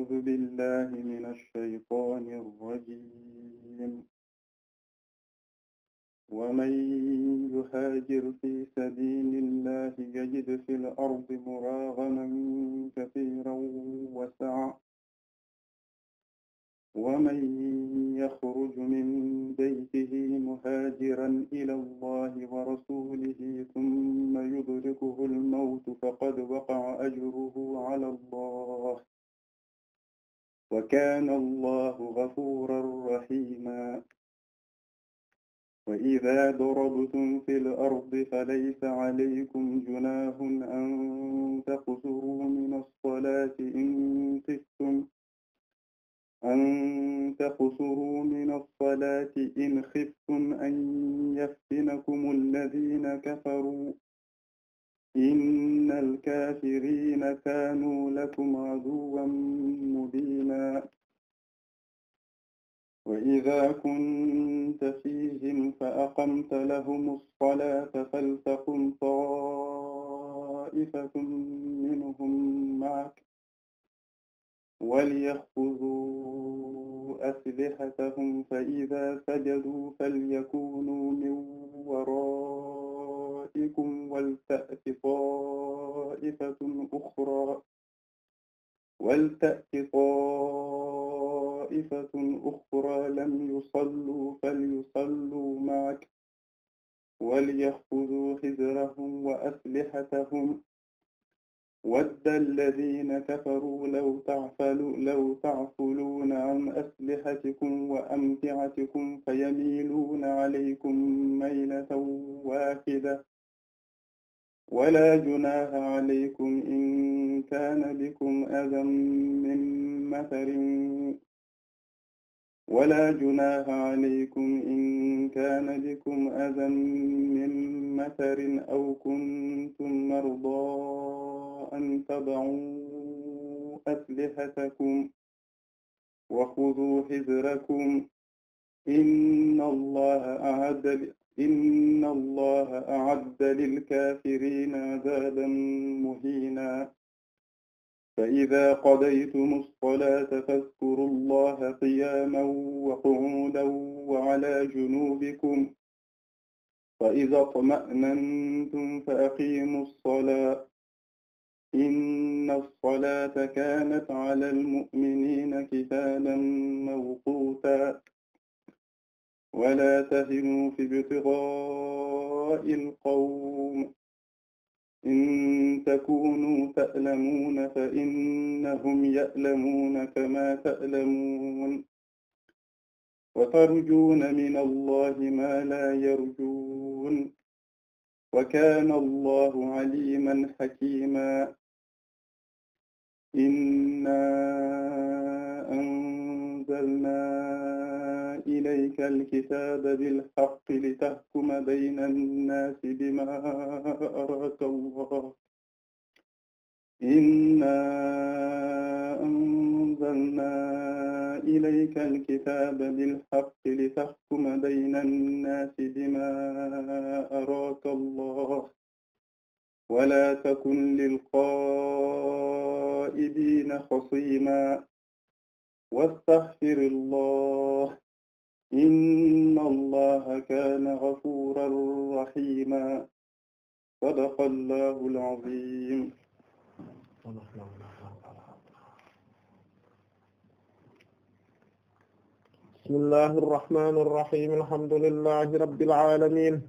أعوذ بالله من الشيطان الرجيم ومن يهاجر في سبيل الله يجد في الأرض مراغما كثيرا وسعا ومن يخرج من بيته مهاجرا إلى الله ورسوله ثم يدركه الموت فقد وقع أجره على الله wa kaana allahu gafuuran rahiima wa idaa darabtum fil ardi falaysa calaykum junaahun an taqsuruu mina salaati in xiftum an taqsuruu mina salaati in xiftum an yaftinakum alladiina kafaruu إن الكافرين كانوا لكم عدوا مبينا وإذا كنت فيهم فأقمت لهم الصلاة فلتقم طائفة منهم معك وليأخذوا أسلحتهم فإذا سجدوا فليكونوا من ورائك تأتكم ولتأت طائفة أخرى ولتأت طائفة أخرى لم يصلوا فليصلوا معك وليأخذوا حذرهم وأسلحتهم ود الذين كفروا لو تعفلوا لو تعفلون عن أسلحتكم وأمتعتكم فيميلون عليكم ميلة واحدة ولا جناح عليكم إن كان بكم أذى من مطر ولا جناح عليكم إن كان بكم أذى من مطر أو كنتم مرضى أن تضعوا أسلحتكم وخذوا حذركم إن الله أعد إن الله أعد للكافرين عذابا مهينا فإذا قضيتم الصلاة فاذكروا الله قياما وقعودا وعلى جنوبكم وإذا اطمأننتم فأقيموا الصلاة إن الصلاة كانت على المؤمنين كتابا موقوتا ولا تهنوا في ابتغاء القوم إن تكونوا تألمون فإنهم يألمون كما تألمون وترجون من الله ما لا يرجون وكان الله عليما حكيما إنا أنزلنا إليك الكتاب بالحق لتحكم بين الناس بما أراك الله إنا أنزلنا إليك الكتاب بالحق لتحكم بين الناس بما أراك الله ولا تكن للغائبين خصيما واستغفر الله inna allaha kaana gafuuran rahiima sadaqa allahu al-aziim bismillahi irrahmani irrahim alhamdulillahi rabbil aalamiin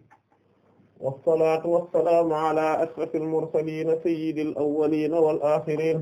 wassalaatu wassalaam ala ashrafil mursaliin sayyidil awwaliin wal aaxiriin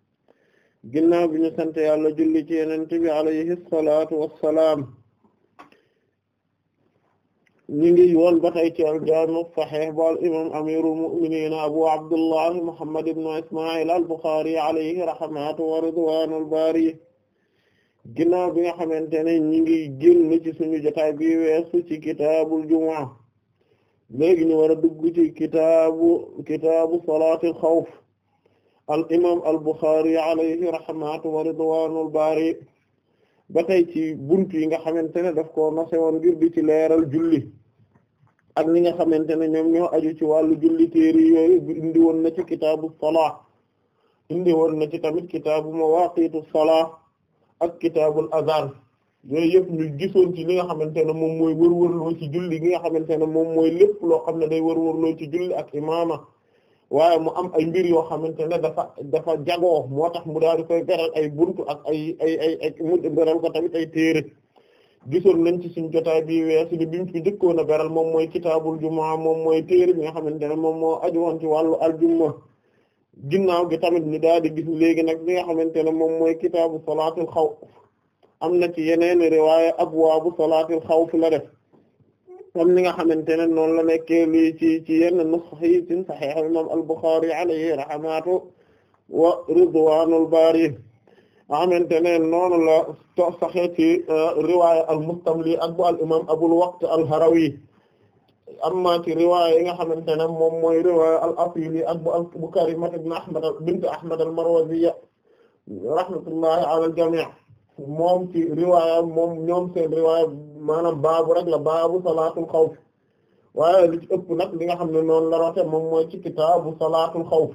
ginnaaw bi ñu sant yàlla julli ci yenente bi alayhi salaatu wassalaam ñu ngi woon ci al-jaami' al-imaam amiirul mu'miniin abu abdullah muhammad ibn ismaa'il al-buxaari alayhi rahmatu wa ridwaanul baari bi nga xamante ne ñu ngi génn ci suñu jotaay bi ci kitaabul jumaa léegi ñu war a ci kitaabu kitaabu salaatil xawf al imaam al Buxaari alayhi rahmatu wa ridwaanul baari ba tey ci buntu yi nga xamante ne def ko nose woon ngir di ci leeral julli ak li nga xamante ne ñoom ñoo aju ci wàllu julli téere yooyu indi woon na ci kitaabu salaa indi woon na ci tamit kitaabu mawaaqiitu salaa ak kitaabul azaan yooyu yëpp ñu gisoon ci li nga xamante ne moom mooy wërwërloo ci julli gi nga xamante ne moom mooy lépp loo xam ne day wërwërloo ci julli ak imaama. waaye mu am ay mbir yoo xamante ne dafa dafa jagoo moo tax mu daal di koy beral ay buntu ak ay ay ay ay ko tamit ay téere gisoon nañ ci suñ jotaay bi weesu ni biñ fi jëkkoon a beral moom mooy kitaabul jumaa moom mooy téere bi nga xamante ne moom moo aju woon ci wàllu aljumma ginnaaw gi tamit ñu daal di gis léegi nag li nga xamante ne moom mooy kitaabu salaatul xaw am na ci yeneen riwaaya abwaabu salaatul xawf la def comme ni nga xamante ne noonu la nekkee lii ci ci yenn nusxa yi ci Sahih imam al-Bukhari alayhi rahmatu wa ridwanul bari nga xamante ne noonu la to saxee ci euh, riwaaya al-Mustamli ak bu al-imam Abul Waqt al-Harawi amma ci riwaaya yi nga xamante ne moom mooy riwaaya al-Atili ak bu bu Karima ibn Ahmad bint Ahmad al-Marwaziyya rahmatullahi ala al-jami' moom ci riwaayam moom ñoom seen riwaaya maanaam baabu rek la baabu salaatul xawf waaye li ci ëpp nag li nga xam ne noonu la rote moom mooy ci kitaabu salaatul xawf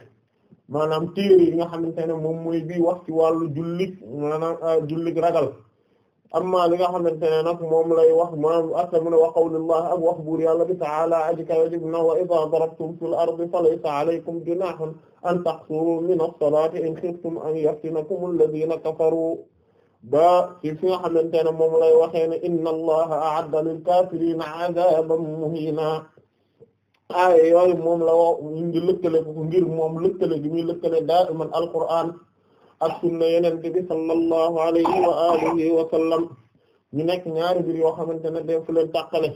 maanaam téere yi nga xamante ne moom mooy bii wax ci wàllu jullig maanaam ah, jullig ragal amma li nga xamante ne nag moom lay wax maanaam asta mu ne wa qawlullah ak wax buur yàlla bi ta'ala aji kawajib na wa idha darabtum fil ardi falaysa alaykum junahun an taqsuru min as-salati in khiftum an yaftinakum alladhina kafaru ba ci fi nga xamante ne moom lay waxee ne inna allaha a'adda lil kafirina adaban muhina aaye yooyu moom la wo ngi lëkkale ko ngir moom lëkkale gi muy lëkkale daiman alquran ak sunna sallallahu alayhi wa alihi wa ñu nekk ñaari mbir yoo xamante ne def leen tàqale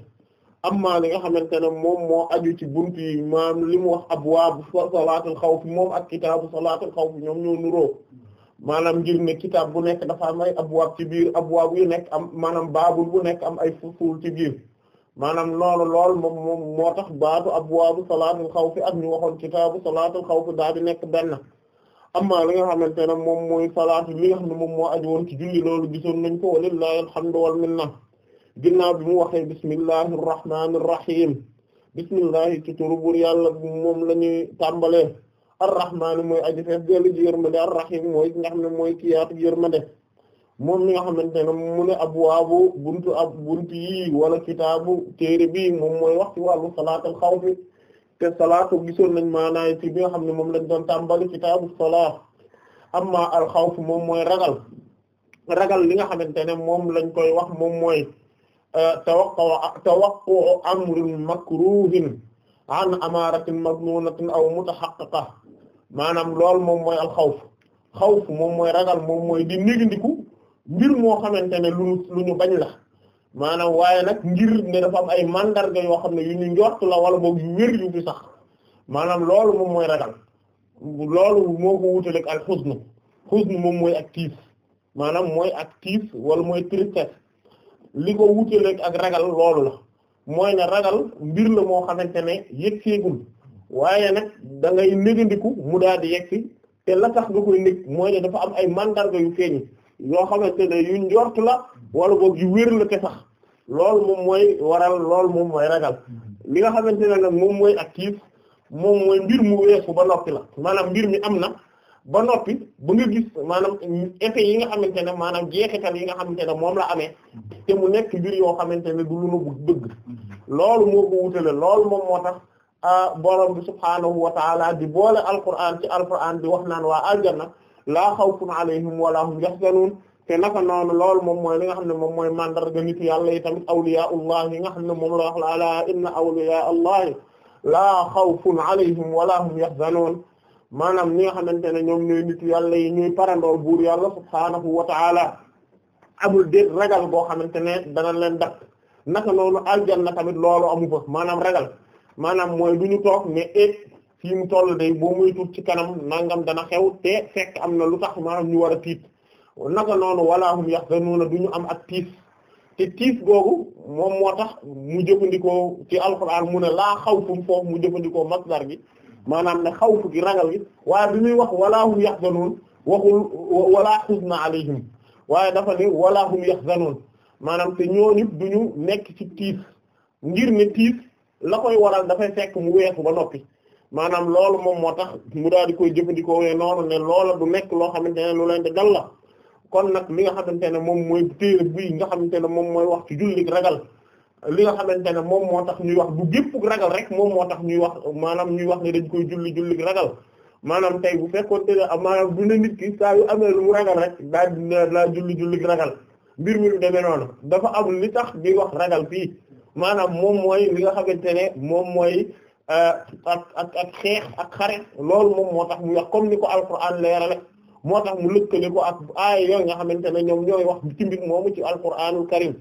amma li nga xamante ne moom moo aju ci buntu yi maam li mu wax abwaabu salaatul xawf moom ak kitaabu salaatul xawf ñoom ñoo nuroo maanaam ngir ne kitaab bu nekk dafa am ay abwaab ci biir abwaab yu nekk am maanaam baabul bu nekk am ay fusul ci biir maanaam loolu lool moom moom moo tax baatu abwaabu salaatul xawf ak ñu waxoon kitaabu salaatul xawf daal di nekk benn amma li nga xamante ne moom mooy salaatu li nga xam moom moo aju woon ci julli loolu gisoon nañ ko walillahi alhamdu wal minna ginnaaw bi mu waxee bismillahi irrahmani irrahim bismillahi ci turu buur yàlla moom la ñuy tàmbalee ar-rahmaani mooy aji fees dellu ji yërmande ar mooy ki nga xam ne mooy ki yaatu yërmande moom mi nga xamante ne mu abwaabu buntu ab buntu yi wala kitaabu téere bi moom mooy wax ci wàllu salaatul xawf te salaatu gisoon nañ maanaay ci bi nga xam ne moom lañ doon tàmbali kitaabu salaat amma al-xawf mooy ragal ragal nga xamante ne moom lañ koy wax moom mooy euh, tawaqqa tawaqqa amrin makruhin an aw mutaxaqqiqa maanaam loolu moom mooy alxawf xawf moom mooy ragal moom mooy di négandiku mbir moo xamante ne lu lu ñu bañ la maanaam waaye nag ngir ne dafa am ay màndarga yoo xam ne yu ñu njort la wala boog yu wér yu fi sax maanaam loolu moom mooy ragal loolu moo ko wutaleeg al xusnu xusnu moom mooy ak maanaam mooy ak tiis wala mooy tristesse li ko wutaleeg ak ragal loolu la mooy ne ragal mbir la moo xamante ne yëg seegul waaye nag dangay ngay négandiku mu daal di yegsi te la tax nga koy nég mooy ne dafa am ay mandarga yu feeñ yoo xamante ne yu njort la wala boog yu wér la te sax loolu moom mooy waral loolu moom mooy ragal li nga xamante ne nag moom mooy actif moom mooy mbir mu ba noppi la maanaam mbir mi am na ba noppi ba nga gis maanaam effet yi nga xamante ne maanaam jeexital yi nga xamante ne moom la amee te mu nekk mbir yoo xamante ne du lu nu mm-hmm. loolu moo ko wutale loolu moom moo tax borom bi subhaanahu wa taala di boole alquran ci alquran di wax naan waa aljanna laa xawfun alayhim wala hum yahzanuun te naka noonu loolu moom mooy li nga xam ne moom mooy mandarga nitu yàlla yi tamit awliyaullah yi nga xam ne moom la wax la ala inna awliya allahi laa xawfun alayhim wala hum yahzanuun maanaam ñi nga xamante ne ñoom ni nitu yàlla yi ñuy parandoor buur yàlla subhaanahu wa taala amul déet ragal boo xamante ne dana leen dak naka noonu aljanna tamit lool amu maanaam ragal maanaam mooy du ñu toog ne et eh, fii toll day boo muy tuut ci kanam nangam dana xew te fekk am na lu tax maanaam ñu war a tiit naka noonu wala hum yahzanuna du ñu am ak tiis te tiis googu moom tax mu jëfandikoo ci alquran mu ne laa xawfum foofu mu jëfandikoo masdar gi maanaam ne gi ragal gi waaye bi muy wax wala hum yahzanun waxul wala huzna waaye dafa ne wala hum yahzanun maanaam te ñooñu du ñu nekk ci tiis ngir ne tiis la koy waral dafay fekk mu weexu ba noppi maanaam loolu moom moo tax mu daal di koy jëfandikoo wee noonu ne loola du nekk loo xamante ne lu leen di dal la kon nag li nga xamante ne moom mooy téere bii nga xamante ne moom mooy wax ci julli ragal li nga xamante ne moom moo tax ñuy wax du gépp ragal rek moom moo tax ñuy wax maanaam ñuy wax ne dañ koy julli julli ragal maanaam tey bu fekkoon te maanaam du ne nit ki saa yu amee lu mu ragal rek daa laa julli julli ragal mbir mi demee noonu dafa am li tax di wax ragal fii maanaam moom mooy li nga xamante ne moom mooy euh, ak ak ak xeex ak xare loolu moom moo tax mu yax comme ni ko alquran leerale moo tax mu lëkkale ko ak aaya yooy nga xamante ne ñoom ñooy wax ci mbir moomu ci alquranul karim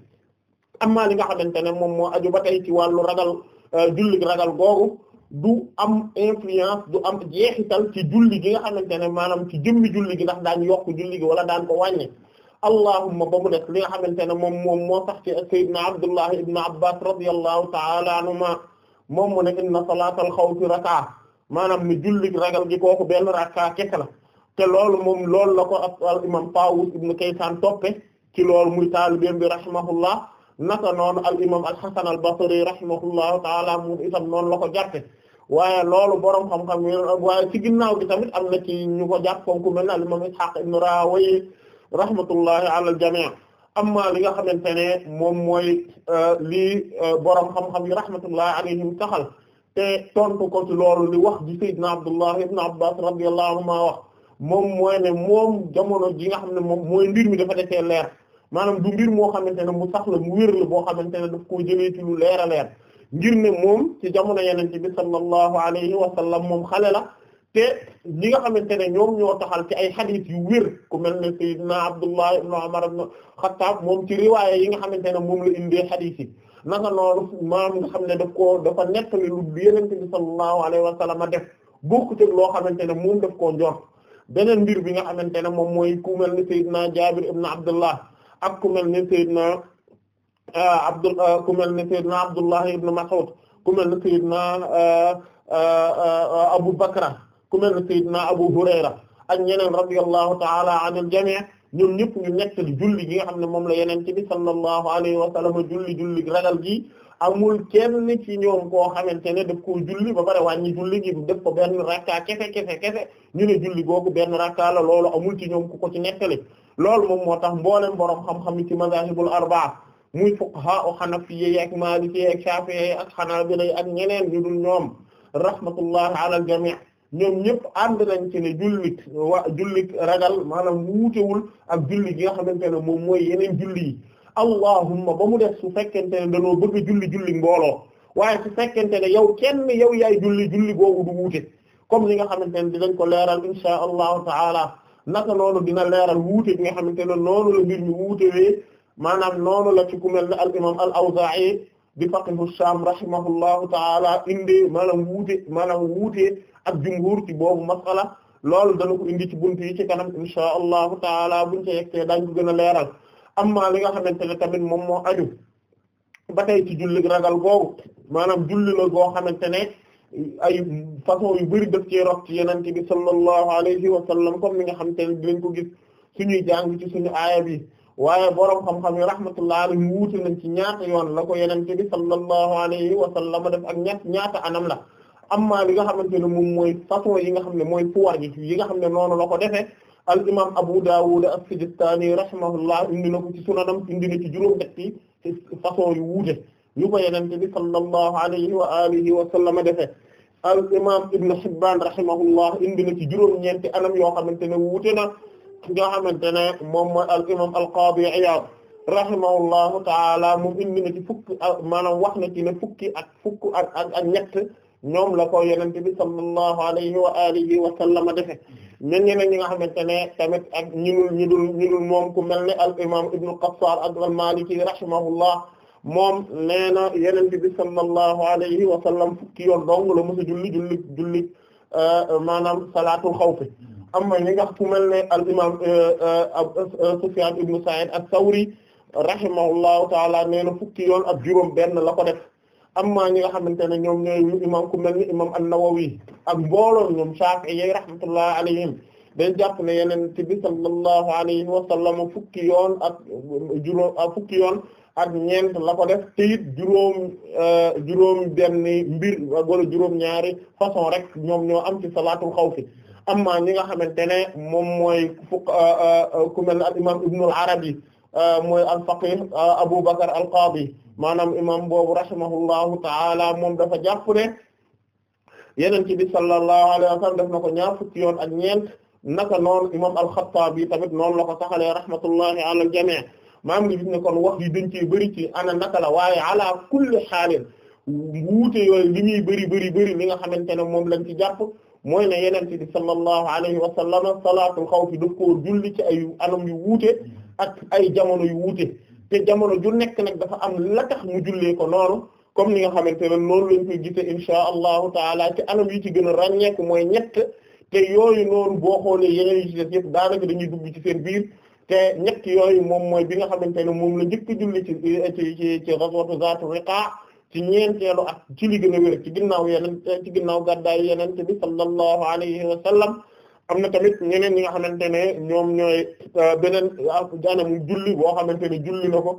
amma li nga xamante ne moom moo aju ba tey ci wàllu ragal euh, julli ragal googu du am influence du am jeexital ci julli gi nga xamante ne maanaam ci jëmmi julli gi ndax daañ yokk julli gi wala daan ko wàññe allahumma ba mu nekk li nga xamante ne moom moom moo sax ci sayyidina abdullah ibn abbas radiyallahu ta'ala anhuma moom mu ne inna salaatal xawfi rakaa maanaam ni jullig ragal gi ko benn rakaa kekk la te loolu moom loolu la ko al imam Tawus ibn Kaysan toppe ci loolu muy taalibeem bi rahimahullah naka noon al imam al Hasan al Basri rahimahullahu taala moom itam noonu la ko jàppe waaye loolu borom xam-xam waaye ci ginnaaw gi tamit am na ci ñu ko jàpp comme ku mel ne al imam Ishaq ibn Raawayh rahmatullahi ala al jami' amma li nga xamante ne moom mooy euh, lii euh, borom xam-xam yi rahmatullahi alayhim taxal te tontu ko ci loolu li wax ji sayyidna Abdullah ibn Abbas radiyallahu anhuma wax moom mooy ne moom jamono ji nga xam ne moom mooy mbir mi dafa defee leer maanaam du mbir moo xamante ne mu sax la mu wér la boo xamante ne daf koo jëlee ci leer a leer ngir ne moom ci jamono yeneen ci bi sallallahu alayhi wa sallam moom xale la te ñi nga xamante ne ñoom ñoo taxal ci ay xadiis yu wér ku mel ne Seydina Abdullah ibn Umar ibn Khattab moom ci yi nga xamante ne moom la indee xadiis yi naka noonu xam ne daf koo dafa nettali lu Yonent bi sallallahu alayhi wa def bokkut loo xamante ne moom daf koo njort beneen mbir bi nga xamante ne moom mooy ku mel ni Seydina Jaabir ibn Abdullah ak ku mel ne Seydina ah, Abdul ah, ku mel ne Seydina Abdullah ibn Mas'ud ku mel ne Seydina ah, Abu Bakra ku mel ne Seydina Abu Hurayra ak ñeneen radiyallahu ta'ala anil jami' ñoom ñëpp ñu nettali julli gi nga xam ne moom la yeneen ci bi sallallahu alayhi wa sallam julli julli ragal gi amul kenn ci ñoom koo xamante ne daf koo julli ba pare wàññi julli gi def ko benn rakka kese kese kese ñu ne julli googu benn rakka la loolu amul ci ñoom ku ko ci nettali loolu moom moo tax mbooleem boroom xam-xam ci mazahibul arbaa muy fuqaha o hanafiyye ak maalikiyye ak shafi'iyye ak hanabila ak ñeneen ñu dul ñoom rahmatullahi ala al jami' ñoom ñëpp ànd nañ ci ne jullit wa jullit ragal maanaam wuutewul ak julli gi nga xamante ne moom mooy yeneen julli yi allahumma ba mu def su fekkente ne dañoo bëgg a julli julli mbooloo waaye su fekkente ne yow kenn yow yaay julli julli googu du wuute comme li nga xamante ne dinañ ko leeral insha allahu taala naka noonu dina leeral wuute bi nga xamante ne noonu la mbir wuute wuutewee maanaam noonu la ci ku mel al imam al awzaa'i di faqihu sham rahimahullahu taala indi maanaam wuute maanaam wuute ak jumhur ci boobu masala lool dana ko indi ci buntu yi ci kanam insha allahu taala buñ ca yeggtee daañ ko gën a leeral amma li nga xamante ne tamit moom moo aju ba tey ci julli ragal googu maanaam julli la goo xamante ne ay façon yu bari def ci rot ci yenente bi sallallahu alayhi wa sallam kom ni nga xamante ne dinañ ko gis suñuy jàng ci suñu aaya bi waaye boroom xam-xam yi rahmatullahi alayhim wuute nañ ci ñaata yoon la ko yenente bi sallallahu alayhi wa sallam def ak ñaata anam la amma li nga xamante ne moom mooy façon yi nga xam ne mooy pouvoir yi yi nga xam ne noonu la ko defee al imam Abu Dawud as-Sijistani rahimahullah indi na ko ci sunanam indi na ci juróom-ñetti façon yu wuute ñu ko yenente bi sallallahu alayhi wa alihi wa sallam defee al imam Ibn Hibban rahimahullah indi na ci juróom-ñeenti anam yoo xamante ne wuute na nga xamante ne moom mooy al imam al Qadi Iyad rahimahullahu taala moom indi na ci fukki maanaam wax na ci ne fukki ak fukk ak ak ak ñett ñoom la ko yenente bi sallallahu alayhi wa alihi wa sallama defe ñen ñeneen ñi nga xamante ne tamit ak ñunul ñu dul moom ku mel ne al imam ibnu qassar ak al maliki rahimahullah moom nee na yenente bi sallallahu alayhi wa sallam fukki yoon dong la mësa julli julli julli euh, maanaam salaatul xawfi amma ñi ku mel ne al imam euh, euh, sufyan ibnu sa'id as-sawri rahimahullahu taala nee fukki yoon ak juróom benn la ko def amma ñi nga xamante ne ñoom ñooy imam ku mel ni imam an-Nawawi ak mbooloo ñoom Shafi'i rahmatullah alayhim dañ jàpp ne yeneen ci bi sallallahu alayhi wa sallam fukki yoon ak juróom ak ah, fukki yoon ak ñeent la ko def te juróom euh, juróom benn mbir wala juróom ñaari façon rek ñoom ñoo am ci salaatul xawfi amma ñi nga xamante ne moom mooy euh, euh, ku mel ne al imam Ibn arabi Euh, mooy al-faqih euh, Abu Bakr al-Qadi maanaam imam boobu rahimahullahu ta'ala moom dafa jàpp ne ci bi sallallahu alayhi wa sallam def na ko ñaar fukki yoon ak ñeent naka noonu imam al-Khattabi tamit noonu la ko saxalee rahmatullahi ala al-jami' maam ngi gis ne kon wax yi dañ bëri ci ana naka la waaye ala kulli xaalin wuute yooyu li muy bëri bëri bëri li nga xamante ne moom lañ ci jàpp mooy ne yenente bi sallallahu alayhi wa sallam salaatul xawfi daf koo julli ci ay anam yu wuute ak ay jamono yu wuute te jamono ju nekk nag dafa am la tax mu jullee ko noonu comme ni nga xamante ne noonu lañ koy gisee inshaa allahu taala ci anam yi ci gën a ràññeeku mooy ñett te yooyu noonu boo xoole yeneen yi ci def yëpp daanaka dañuy dugg ci seen biir te ñett yooyu moom mooy bi nga xamante ne moom la njëkk julli ci ci ci ci ghazwatu zaatu riqa ci ñeenteelu a ci li gën a wér ci ginnaaw yeneen ci ginnaaw gàddaay yeneen bi sallallahu alayhi wa sallam am na tamit ñeneen ñi nga xamante ne ñoom ñooy euh, beneen anam julli boo xamante ne julli na ko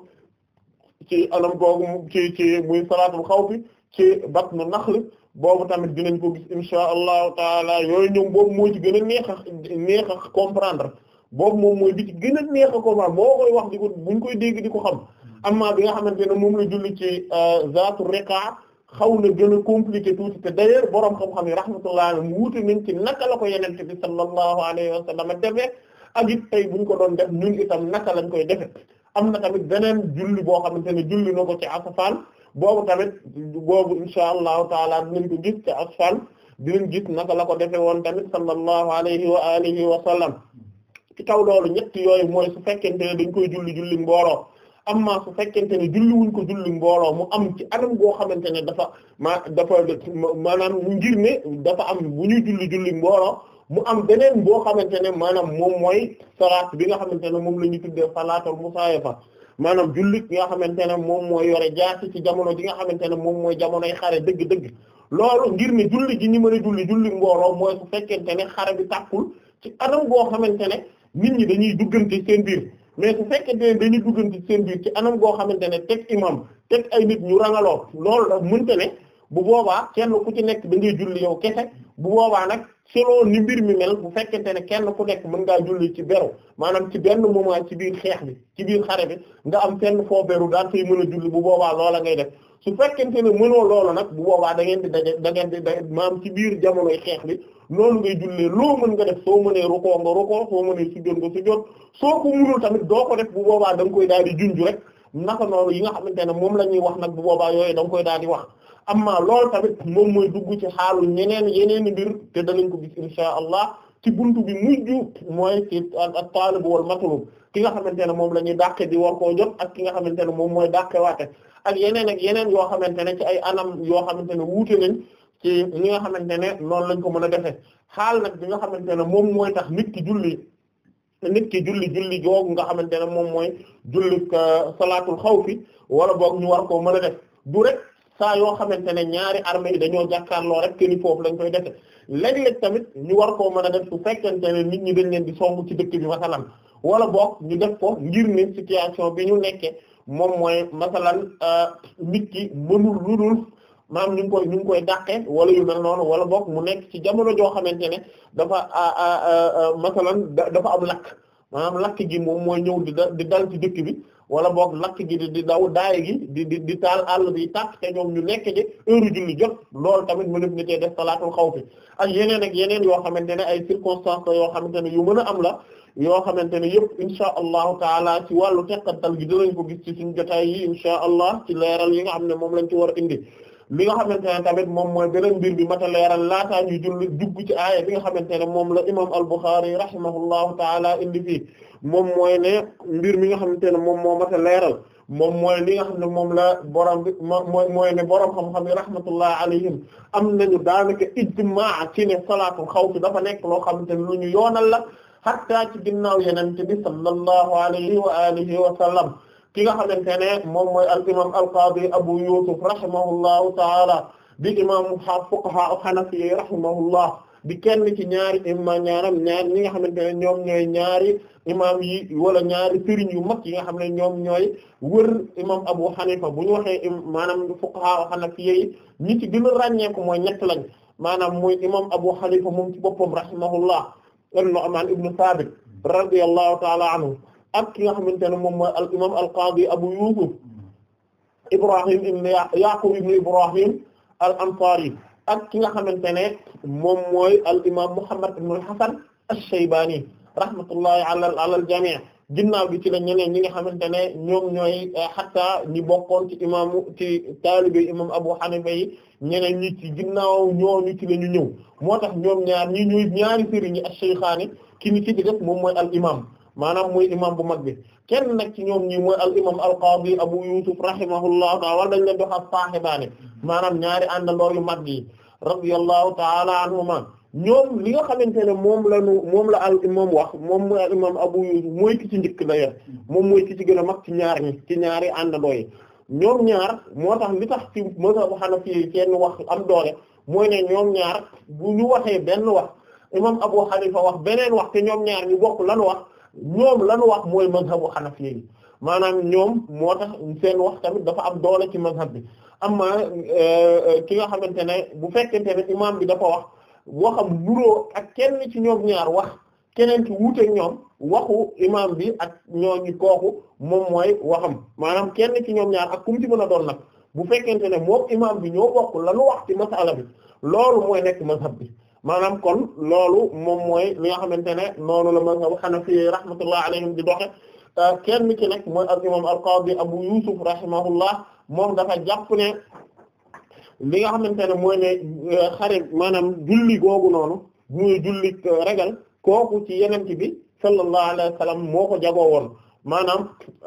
ci anam googu ci ci muy salaatul xawfi ci batnu naxl boobu tamit dinañ ko gis insha allahu taala yooyu ñoom boobu moo ci gën a neex a neex a comprendre boobu moom mooy bi ci gën a neex a comprendre boo koy wax di ko buñ koy dégg di ko xam amma bi nga xamante ne moom la julli ci euh, zaatu riqa xaw na gën a compliqué tuuti te d'ailleurs borom xam-xam yi rahmatullah alayhim wuute nañ ci naka la ko yenente bi sallallahu alayhi wa sallam defee ak it tey buñ ko doon def ñun itam naka lañ koy defe am na tamit beneen julli boo xamante ne julli na ko ci asfan boobu tamit boobu insha allahu taala dinañ ko gis ci asfan dinañ gis naka la ko defe woon tamit sallallahu alayhi wa alihi wa sallam ci kaw loolu ñett yooyu mooy su fekkente ne dañ koy julli julli mbooloo amma su fekkente ne julliwuñ ko julli mbooloo mu am ci anam boo xamante ne dafa ma dafa maanaam ngir ne dafa am bu ñuy julli julli mbooloo mu am beneen boo xamante ne maanaam moom mooy salaat bi nga xamante ne moom la ñu tuddee salaatul musaayafa maanaam jullit bi nga xamante ne moom mooy yore jaasi ci jamono ji nga xamante ne moom mooy jamonoy xare dëgg-dëgg loolu ngir ne julli ji ñi mën a julli julli mbooloo mooy su fekkente ne xare bi tàkkul ci anam goo xamante ne nit ñi dañuy duggante seen biir mais bu fekkee ne dañuy duggante ci seen biir ci anam goo xamante ne teg imam teg ay nit ñu rangaloo loolu la mënta ne bu boobaa kenn ku ci nekk da ngay julli yow kese bu boobaa nag selon ni mbir mi mel bu fekkente ne kenn ku nekk mën ngaa julli ci beru maanaam ci benn moment ci biir xeex bi ci biir xare bi nga am fenn foo beru daal fay mën a julli bu boobaa loola ngay def su fekkente ne mënoo loolu nag bu boobaa dangeen ngeen di daje da da maam ci biir jamonoy xeex bi noonu ngay jullee loo mën nga def soo mënee rukoo nga rukoo soo mënee sujjóot nga sujjóot soo ko mënul tamit doo ko def bu boobaa da koy daal di junj rek naka noonu yi nga xamante ne moom la ñuy wax nag bu boobaa yooyu da koy daal di wax amma lool tamit moom mooy dugg ci xaalu ñeneen yeneen mbir te danañ ko gis insha allah ci buntu bi mujj mooy ci at-talib wal matlub ki nga xamante ne moom la ñuy dàqe di war koo jot ak ki nga xamante ne moom mooy dàqewaate ak yeneen ak yeneen yoo xamante ne ci ay anam yoo xamante ne wuute nañ ci ñi nga xamante ne noonu lañ ko mën a defee xaal nag bi nga xamante ne moom mooy tax nit ki julli nit ki julli julli joogu nga xamante ne moom mooy julli euh, salaatul xawfi wala boog ñu war koo mën a def du rek saa yoo xamante ne ñaari armée yi dañoo jàkkaarloo rek këni foofu lañ koy defe léeg-léeg tamit ñu war koo mën a def su fekkente ne nit ñu dañ leen di song ci dëkk bi masalan wala boog ñu def ko ngir ne situation bi ñu nekkee moom mooy masalan euh, nit ki mënul ludul maanaam ñu ngi koy ñu ngi koy dàqee wala yu mel noonu wala boog mu nekk ci jamono joo xamante ne dafa masalan dafa am lakk maanaam lakk gi moom mooy ñëw di di dal ci dëkk bi wala boog lakk gi di daw daay gi di di di taal àll bi tàkk te ñoom ñu nekk ci heure julli jot loolu tamit mu def ni tey def xaw xawfi ak yeneen ak yeneen yoo xamante ne ay circonstances yoo xamante ne yu mën a am la yoo xamante ne yëpp insha allahu taala ci wàllu teqatal gi dinañ ko gis ci suñu jotaay yi insha allah ci leeral yi nga xam ne moom lañ ci war a indi li nga xamante ne tamit moom mooy beneen mbir bi mata leeral laataa ñu julli dugg ci aaya nga xamante ne moom la imam al-Bukhari rahimahullahu taala indi fii moom mooy ne mbir mi nga xamante ne moom moo mata leeral moom mooy li nga xam ne moom la borom bi mooy mooy ne borom xam-xam yi rahmatullah alayhim am nañu daanaka ijmaa ci ne salaatul xawf dafa nekk loo xamante ne lu ñu yoonal la xattaa ci ginnaaw yenente bi sallallahu alayhi wa alihi wa sallam ki nga xamante ne moom mooy al imam al qaadi abu yusuf rahimahullahu taala di imam fuqaha xanafi rahimahullah bi kenn ci ñaari imam ñaaram ñaar nga xamante ne ñoom ñooy ñaari yi wala ñaari sëriñ yu mag yi nga xam ne ñoom ñooy wër imam Abu Hanifa bu ñu waxee maanaam fuqaha hanafiyya yi ñi ci gën a ràññeeku mooy ñett lañ maanaam muy imam Abu Hanifa moom ci boppam rahimahullah an-Nu'man ibn Thabit radiyallahu ta'ala anhu ak ki nga xamante ne moom mooy al imam al qadi Abu Yusuf Ibrahim ibn Yaqub ibn Ibrahim al ansari ak ki nga xamante ne moom mooy al imam Muhammad ibn al Hasan ash-Shaybani rahmatullahi ala al jami' ginnaaw gi ci la ñeneen ñi nga xamante ne ñoom ñooy xataa eh, ñi bokkoon ci imaamu ci taalibe imam Abu Hanifa yi ñeneen ñi ci ginnaaw ñooñu ci la ñu ñëw moo tax ñoom ñaar ñi ñuy ñaari sëriñ yi as-Shaykhaani ki ni ci di def moom mooy al imam maanaam mooy imam bu mag bi kenn nag ci ñoom ñi mooy al imam al qaadi Abu Yusuf rahimahullahu ta'ala wala dañ leen dox as-saahibaani maanaam ñaari àndandoor yu mag yi radiyallahu ta'ala anhuma ñoom li nga xamante ne moom la moom la al imam wax moom mooy al imam Abu Yusuf mooy ki ci njëkk d'ailleurs moom mooy ki ci gën a mag ci ñaar ñi ci ñaari àndandoo yi ñoom ñaar moo tax li tax ci mazhabu wax am doole mooy ne ñaar bu ñu waxee benn wax imam Abu Hanifa wax beneen wax te ñoom ñaar ñi bokk lanu wax ñoom lanu wax mooy mazhabu Hanafi yi maanaam ñoom moo tax seen wax tamit dafa am doole ci mazhab bi amma euh, euh, ki nga xamante ne bu fekkente ne imam bi dafa wax waxam nuroo ak kenn ci ñoom ñaar wax keneen ci wuute ñoom waxu imam bi ak ñooñu kooku moom mooy waxam maanaam kenn ci ñoom ñaar ak kum ci na doon na bu fekkente ne moom imam bi ñoo bokk lanu wax ci masala bi loolu mooy nekk mazhab bi maanaam kon loolu moom mooy li nga xamante ne noonu la mazhabu Hanafi rahmatullah alayhim di doxe kenn ki nekk mooy al imam al qadi Abu Yusuf rahimahullah moom dafa jàpp ne li nga xamante ne mooy ne euh, xare maanaam julli googu noonu muy julli euh, ragal kooku ci yenente bi sallallahu alayhi wa sallam moo ko jagoo woon maanaam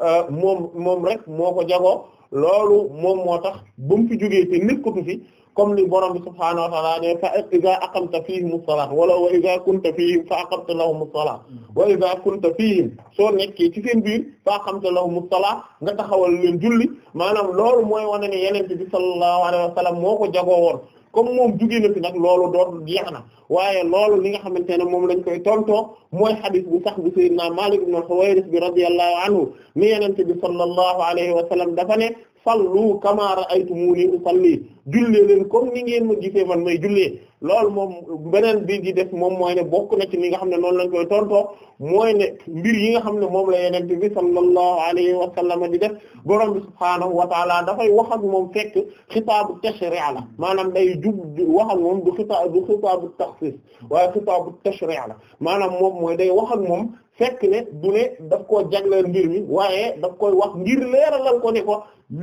euh, moom moom rek moo ko jagoo loolu moom moo tax ba fi jógee te nekkatu fi comme ni borom bi subhaanahu wa ta'ala ne fa idha aqamta fihim as-salat wala wa idha kunta fihim fa aqamta lahum as-salat mm-hmm. wa idha kunta fihim soo nekkee ci seen biir fa aqamta lahum as-salat nga taxawal leen julli maanaam loolu mooy wane ne yeneen bi sallallahu alayhi wa sallam moo ko jagoo woon comme moom jugee na fi nag loolu doon jeex na waaye loolu li nga xamante ne moom lañ koy tontoo mooy hadith bu sax bu sayyidina Malik ibn Huwayrith bi radiyallahu anhu ni yeneen bi sallallahu alayhi wa sallam dafa ne sallu kama ra'aytumuni usalli jullee leen comme ni ngeen ma gisee man may jullee lool moom beneen bi di def moom mooy ne bokk na ci li nga xam ne noonu lañ koy tontoo mooy ne mbir yi nga xam ne moom la yeneen bi sallallahu alayhi wa sallam di def borom bi subhaanahu wa taala dafay wax ak moom fekk xitaabu tashri' la maanaam day jub wax ak moom du xitaab du xitaabu takhsis waaye xitaabu tashri' la maanaam moom mooy day wax ak moom fekk ne du ne daf ko jagleel mbir mi waaye daf koy wax ngir leeralal ko ne ko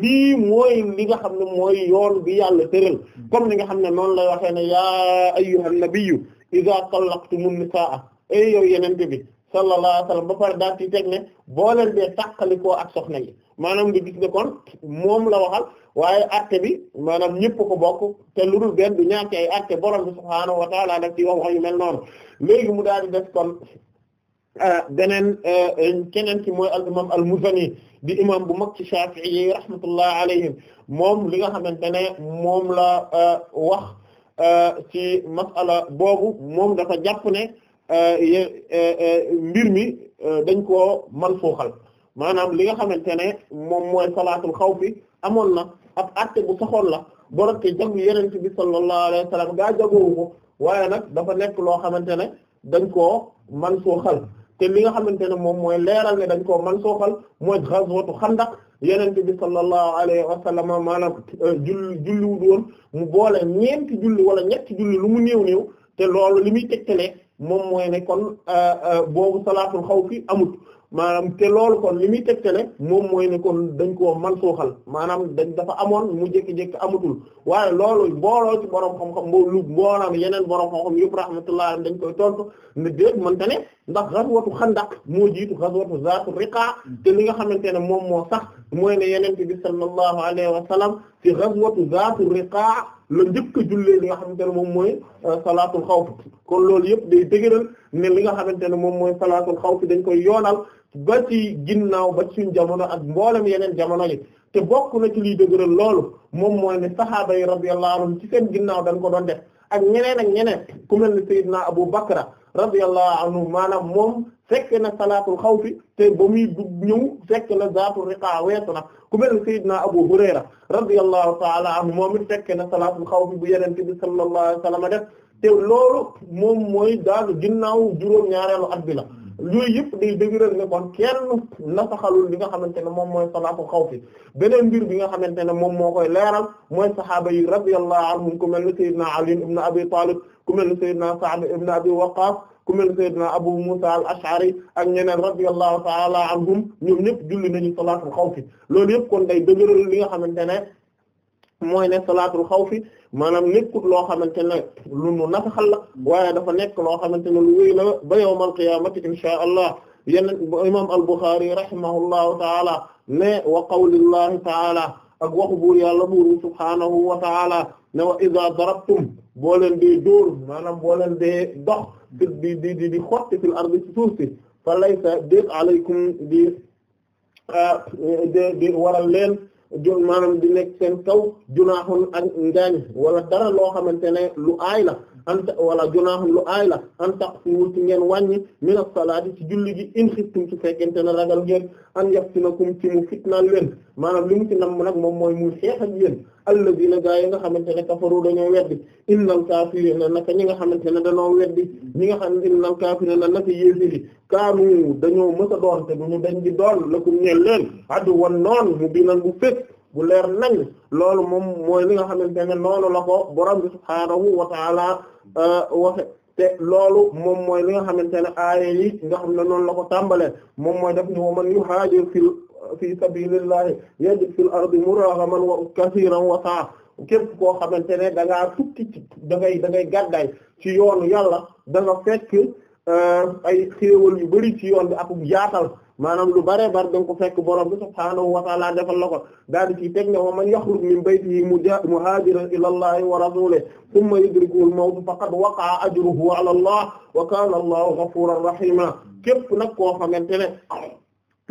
lii mooy li nga xam ne mooy yoon bi yàlla tëral comme ni nga xam ne noonu lay waxee ne yaa ayyuhan nabiyyu idha tallaqtumun nisaa ay yow yenente bi sallallahu alayhi wa sallam ba pare daal ci teg ne boo leen dee tàqalikoo ak soxna yi maanaam nga gis ne kon moom la waxal waaye acte bi maanaam ñëpp ko bokk te lu dul benn du ñaar ci ay acte borom bi subhaanahu wa ta'ala daf ci wax wax mel mu daal Euh, beneen euh, keneen ki mooy al imam al muzani di imam bu mag ci shafi'i yi rahmatullah alayhim moom li nga xamante ne moom la euh, wax ci masala boobu moom dafa jàpp ne mbir mi dañ koo mansuuxal maanaam li nga xamante ne moom mooy salaatul xawf bi amoon na ab arte bu saxoon la borot ci yeneen yenente bi sallallahu alayhi wa sallam gaa jagoowu waaye nag dafa nekk loo xamante ne dañ koo mansuuxal te li nga xamante ne moom mooy leeral ne dañ koo man soofal mooy ghazwatu xandaq yeneen bi sallallahu alayhi wa sallam maanaam euh, julli julliwul woon mu boole ñeenti julli wala ñetti julli lu mu néew néew te loolu li muy tegtalee moom mooy ne kon euh, euh, boobu salaatul xawfi amut maanaam te loolu kon li muy tegtale moom mooy ne kon dañ koo man suuxal maanaam dañ dafa amoon mu jékki-jékki amatul waaye loolu mbooloo ci borom xam-xam mboolu mboolaam yeneen borom xam-xam yëpp rahmatullah dañ koy tontu ne déet mënte ne ndax ghazwatu xandak moo jiitu ghazwatu zaatu riqa li nga xamante ne moom moo sax mooy ne yeneen bi sallallahu alayhi wa sallam ci ghazwatu zaatu riqa la njëkk a jullee li nga xam ne moom mooy euh, salaatul xawf kon loolu yëpp day dëgëral ne li nga xamante ne moom mooy salaatul xawf dañ koy yoonal ba ci ginnaaw ba suñ jamono ak mboolem yeneen jamono yi te bokk na ci liy dëgëral loolu moom mooy ne sahaaba yi radiyallahu anhum ci seen ginnaaw dañ ko doon def ak ñeneen ak ñeneen ku mel ne Seydina Abu Bakra radiyallahu anhu maanaam moom fekk na salaatul xawfi te ba muy dugg ñëw fekk na zaatul riqaa weesu na ku mel ne Seydina Abu Hurayra radiyallahu ta'ala anhu moom it fekk na salaatul xawfi bu yeneen bi sallallahu alayhi wa sallam def te loolu moom mooy daal ginnaaw juróom-ñaareelu at bi yooyu yëpp day dëgëral ne kon kenn nasaxalul li nga xamante ne moom mooy salaatu xawfi beneen mbir bi nga xamante ne moom moo koy leeral mooy saxaaba yi radiyallahu anhum ku mel ne Seydina Ali ibn Abi Talib ku mel ne Seydina Sa'd ibn Abi Waqqas ku mel ne Seydina Abu Musa al-Ash'ari ak ñeneen radiyallahu ta'ala anhum ñoom ñëpp julli nañu salaatu xawfi loolu yëpp kon day dëgëral li nga xamante ne mooy ne salaatul xawfi maanaam nekkut loo xamante ne lu nu nasaxal la waaye dafa nekk loo xamante ne lu wéy la ba yawmal qiyaamati inshaa allah yeneen imaam al-Bukhari rahimahullahu taala ne wa qawlillahi taala ak waxu buur yàlla buur wa taala ne wa iza darabtum boo leen di dóor maanaam boo leen di dox fi di di di di xotti fil ardi ci suuf si fa laysa déet ah, di di waral leen jo maanaam di nekk seen kaw junaaxun ak ngaañ wala dara loo xamante ne lu aay la anta wala junaahum lu aay la an taqsimu ci ngeen wàññi mina salaati ci julli gi in xiftum su fekkente ne ragal ngeen an yaftinakum ci mu fitnaal leen maanaam li mu ci nam nag moom mooy mu xeex ak yéen alladina gaa yi nga xamante ne kafaru dañoo weddi innal kaafirina naka ñi nga xamante ne dañoo weddi ñi nga xam innal kaafirina naka yéefiri kaanu dañoo mës a doon te duñu dañ di doon lakum ñeen leen addu wan noon mu biinan bu fekk bu leer nañ loolu moom mooy li nga xamante ne noonu la ko borom bi subhaanahu wa ta'ala euh, waxe te loolu moom mooy li nga xamante ne aaya yi nga xam ne noonu la ko tàmbalee moom mooy daf ni wa man yuhaajir fi fi sabilillahi yajid fil ardi muraghaman wa kasiran wa sa'a képp koo xamante ne da ngaa tukki ci da ngay da ngay gàddaay ci yoonu yàlla da nga fekk euh, ay xéewal yu bari ci yoon bi ak yaatal maanaam lu bare bare danga ko fekk borom bi subhaanahu wa ta'ala defal la ko daal di ci teg ne wa man yaxruj min baytihi muhaajiran ila allahi wa rasulihi thumma yudrikuhu al-mawt faqad waqa'a ajruhu allah wa kaana allahu ghafuuran rahiima képp nag koo xamante ne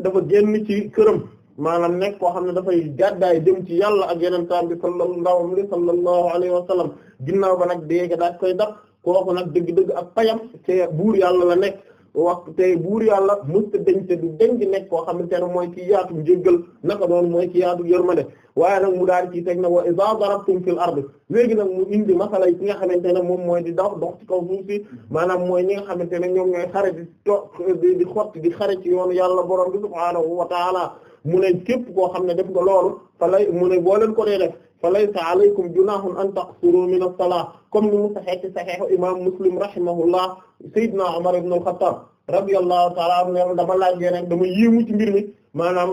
dafa génn ci këram maanaam nekk koo xam ne dafay gàddaay jëm ci yàlla ak yeneen taam bi sallallahu alayhi wa sallam ginnaaw ba nag dégg daal koy dab kooku nag dëgg-dëgg ak payam ci buur yàlla la nekk waxtu tey buur yàlla mësta denc du denc nekk koo xamante ne mooy ki yaatu njéggal naka noonu mooy ki yaatu yërmande waaye nag mu daal ci teg na wa iza darabtum fil ard léegi nag mu indi masala yi nga xamante ne moom mooy di dox dox ci kaw suuf si maanaam mooy ñi nga xamante ne ñoom ñooy xare di to di xotti xare ci yoonu yàlla borom bi subhaanahu wa taala mu ne képp koo xam ne def nga loolu fa lay mu ne boo leen ko dee def fa laysa alaykum junahun an taqsuru min as-salah comme ni mu saxee ci saxiixu imam muslim rahimahullah sayyidina umar ibn al-khattab radiyallahu ta'ala anhu ne dama laaj yeneen dama yéemu ci mbir mi maanaam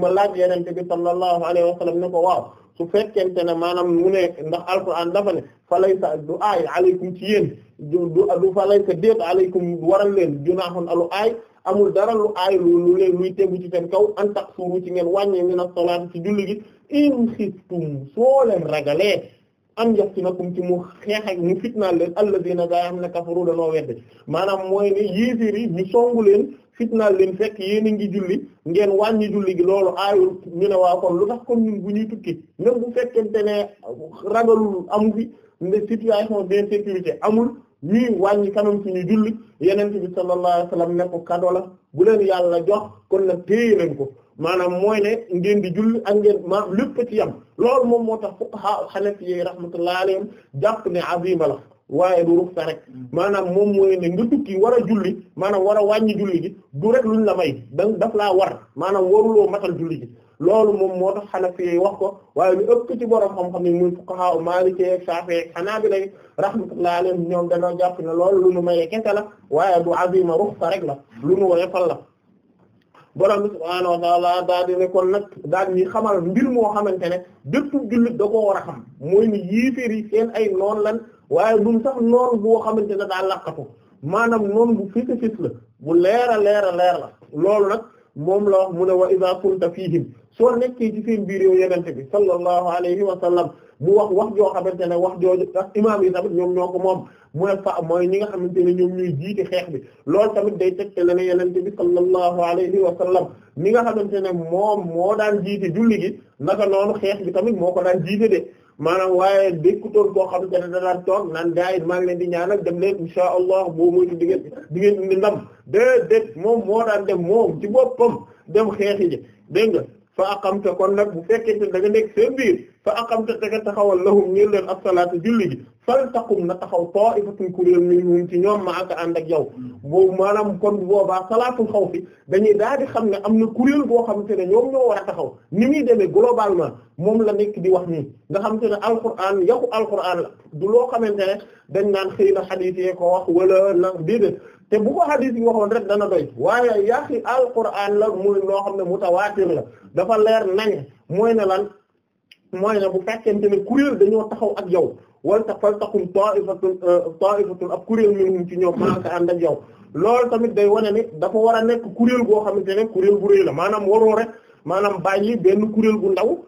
ma laaj yeneen te bi sallallahu alayhi wa sallam ne ko waaw su fekkente ne maanaam mu ne ndax alquran dafa ne fa laysa du aay alaykum ci yéen du du fa laysa déet alaykum waral leen junahun alu aay amul dara lu aay lu leen luy tegu ci seen kaw an taqsuru ci ngeen wàññee min as-salaat ci julli gi in xiftum soo leen ragalee am yaftinakum ci mu xeex ak mu fitnaal leen alladina gaa yi xam ne kafaru dañoo wedde maanaam mooy ne yéeféer yi ñu songu leen fitnaal leen fekk yéen a ngi julli ngeen wàññi julli gi loolu aayul ñu ne waa lu tax kon ñun bu ñuy tukki même bu fekkente ne ragalu am fi ne situation d'insécurité amul ñuy wàññi kanam suñu julli yeneen bi sallallahu alayhi wasallam ne ko kado la bu leen yàlla jox kon nag téye leen ko maanaam mooy ne ngeen di julli ak ngeen maam lépp ci yam loolu moom moo tax fuqaha Hanafi yi rahmatullahi alayhim jàpp ne azima la waaye du ruksa rek mm. maanaam moom mooy ne nga tukki war a julli maanaam wara wàññi julli gi du rek luñ la may da daf laa war maanaam waruloo matal julli gi loolu moom moo tax Hanafi yi wax ko waaye lu ëpp ci borom xam-xam ni muy fuqaha Maliki ak Shafi'i ak Hanabila rahmatullahi alayhim ñoom dañoo jàpp ne loolu lu nu maye kese la waaye du azima ruksa rek la lu nu woye fal la borom bi subhaanahu wa ta'aala daal ne kon nag daal ñi xamal mbir moo xamante ne bépp jullit da koo war a xam ay noon lan waaye duñ sax noonu boo xamante ne daa làqatu maanaam noonu bu fis a fis la bu leer a leer leer la loolu nag moom la wax mu ne wa iza kunta fihim soo nekkee ci seen biir yow yenente bi sallallahu alayhi wa sallam mu wax wax joo xamante ne wax jooju ak imaam yi tamit ñoom ñoo ko moom mu ne fa mooy ñi nga xamante ne ñoom ñuy jiite xeex bi lool tamit day tegte la ne yenente bi sallallahu alayhi wa sallam ñi nga xamante ne moom moo daan jiite julli gi naka noonu xeex bi tamit moo ko daan jiite de maanaam waaye dékkutoon koo xam te ne danaan toog naan gaa yi maa ngi leen di ñaanal dem leen insha allah boo moytu di ngeen di ngeen indi ndam déedéet moom moo daan dem moom ci boppam dem xeexi ji dégg nga fa aqamta kon nag bu fekkente da nga nekk seen biir fa aqamta da nga taxawal lahum ñeen leen as-salaata julli ji fal taqum na taxaw ta'ifatun kuréel minhum ci ñoom ma yow boobu maanaam kon boobaa salaatul xawfi dañuy daal di xam ne am na kuréel boo xamante ne ñoom ñoo war a taxaw ni muy demee globalement moom la nekk di wax nii nga xamante ne alquran yaqu alquran la du loo xamante ne dañ naan xëy na xadiis ko wax wala na déedéet te bu ko hadith yi waxoon rek dana doy waaye yaxi alquran la muy loo xam ne mutawaatir la dafa leer nañ mooy ne lan mooy ne bu fekkente ne kuréel dañoo taxaw ak yow wal ta fal taxum ta'ifatun euh, ta'ifatun ab kuréel minhum ci ñoom maaka ànd ak yow loolu tamit day wane ni dafa war a nekk kuréel goo xamante ne kuréel bu rëy la maanaam waroo rek maanaam bàyyi benn kuréel bu ndaw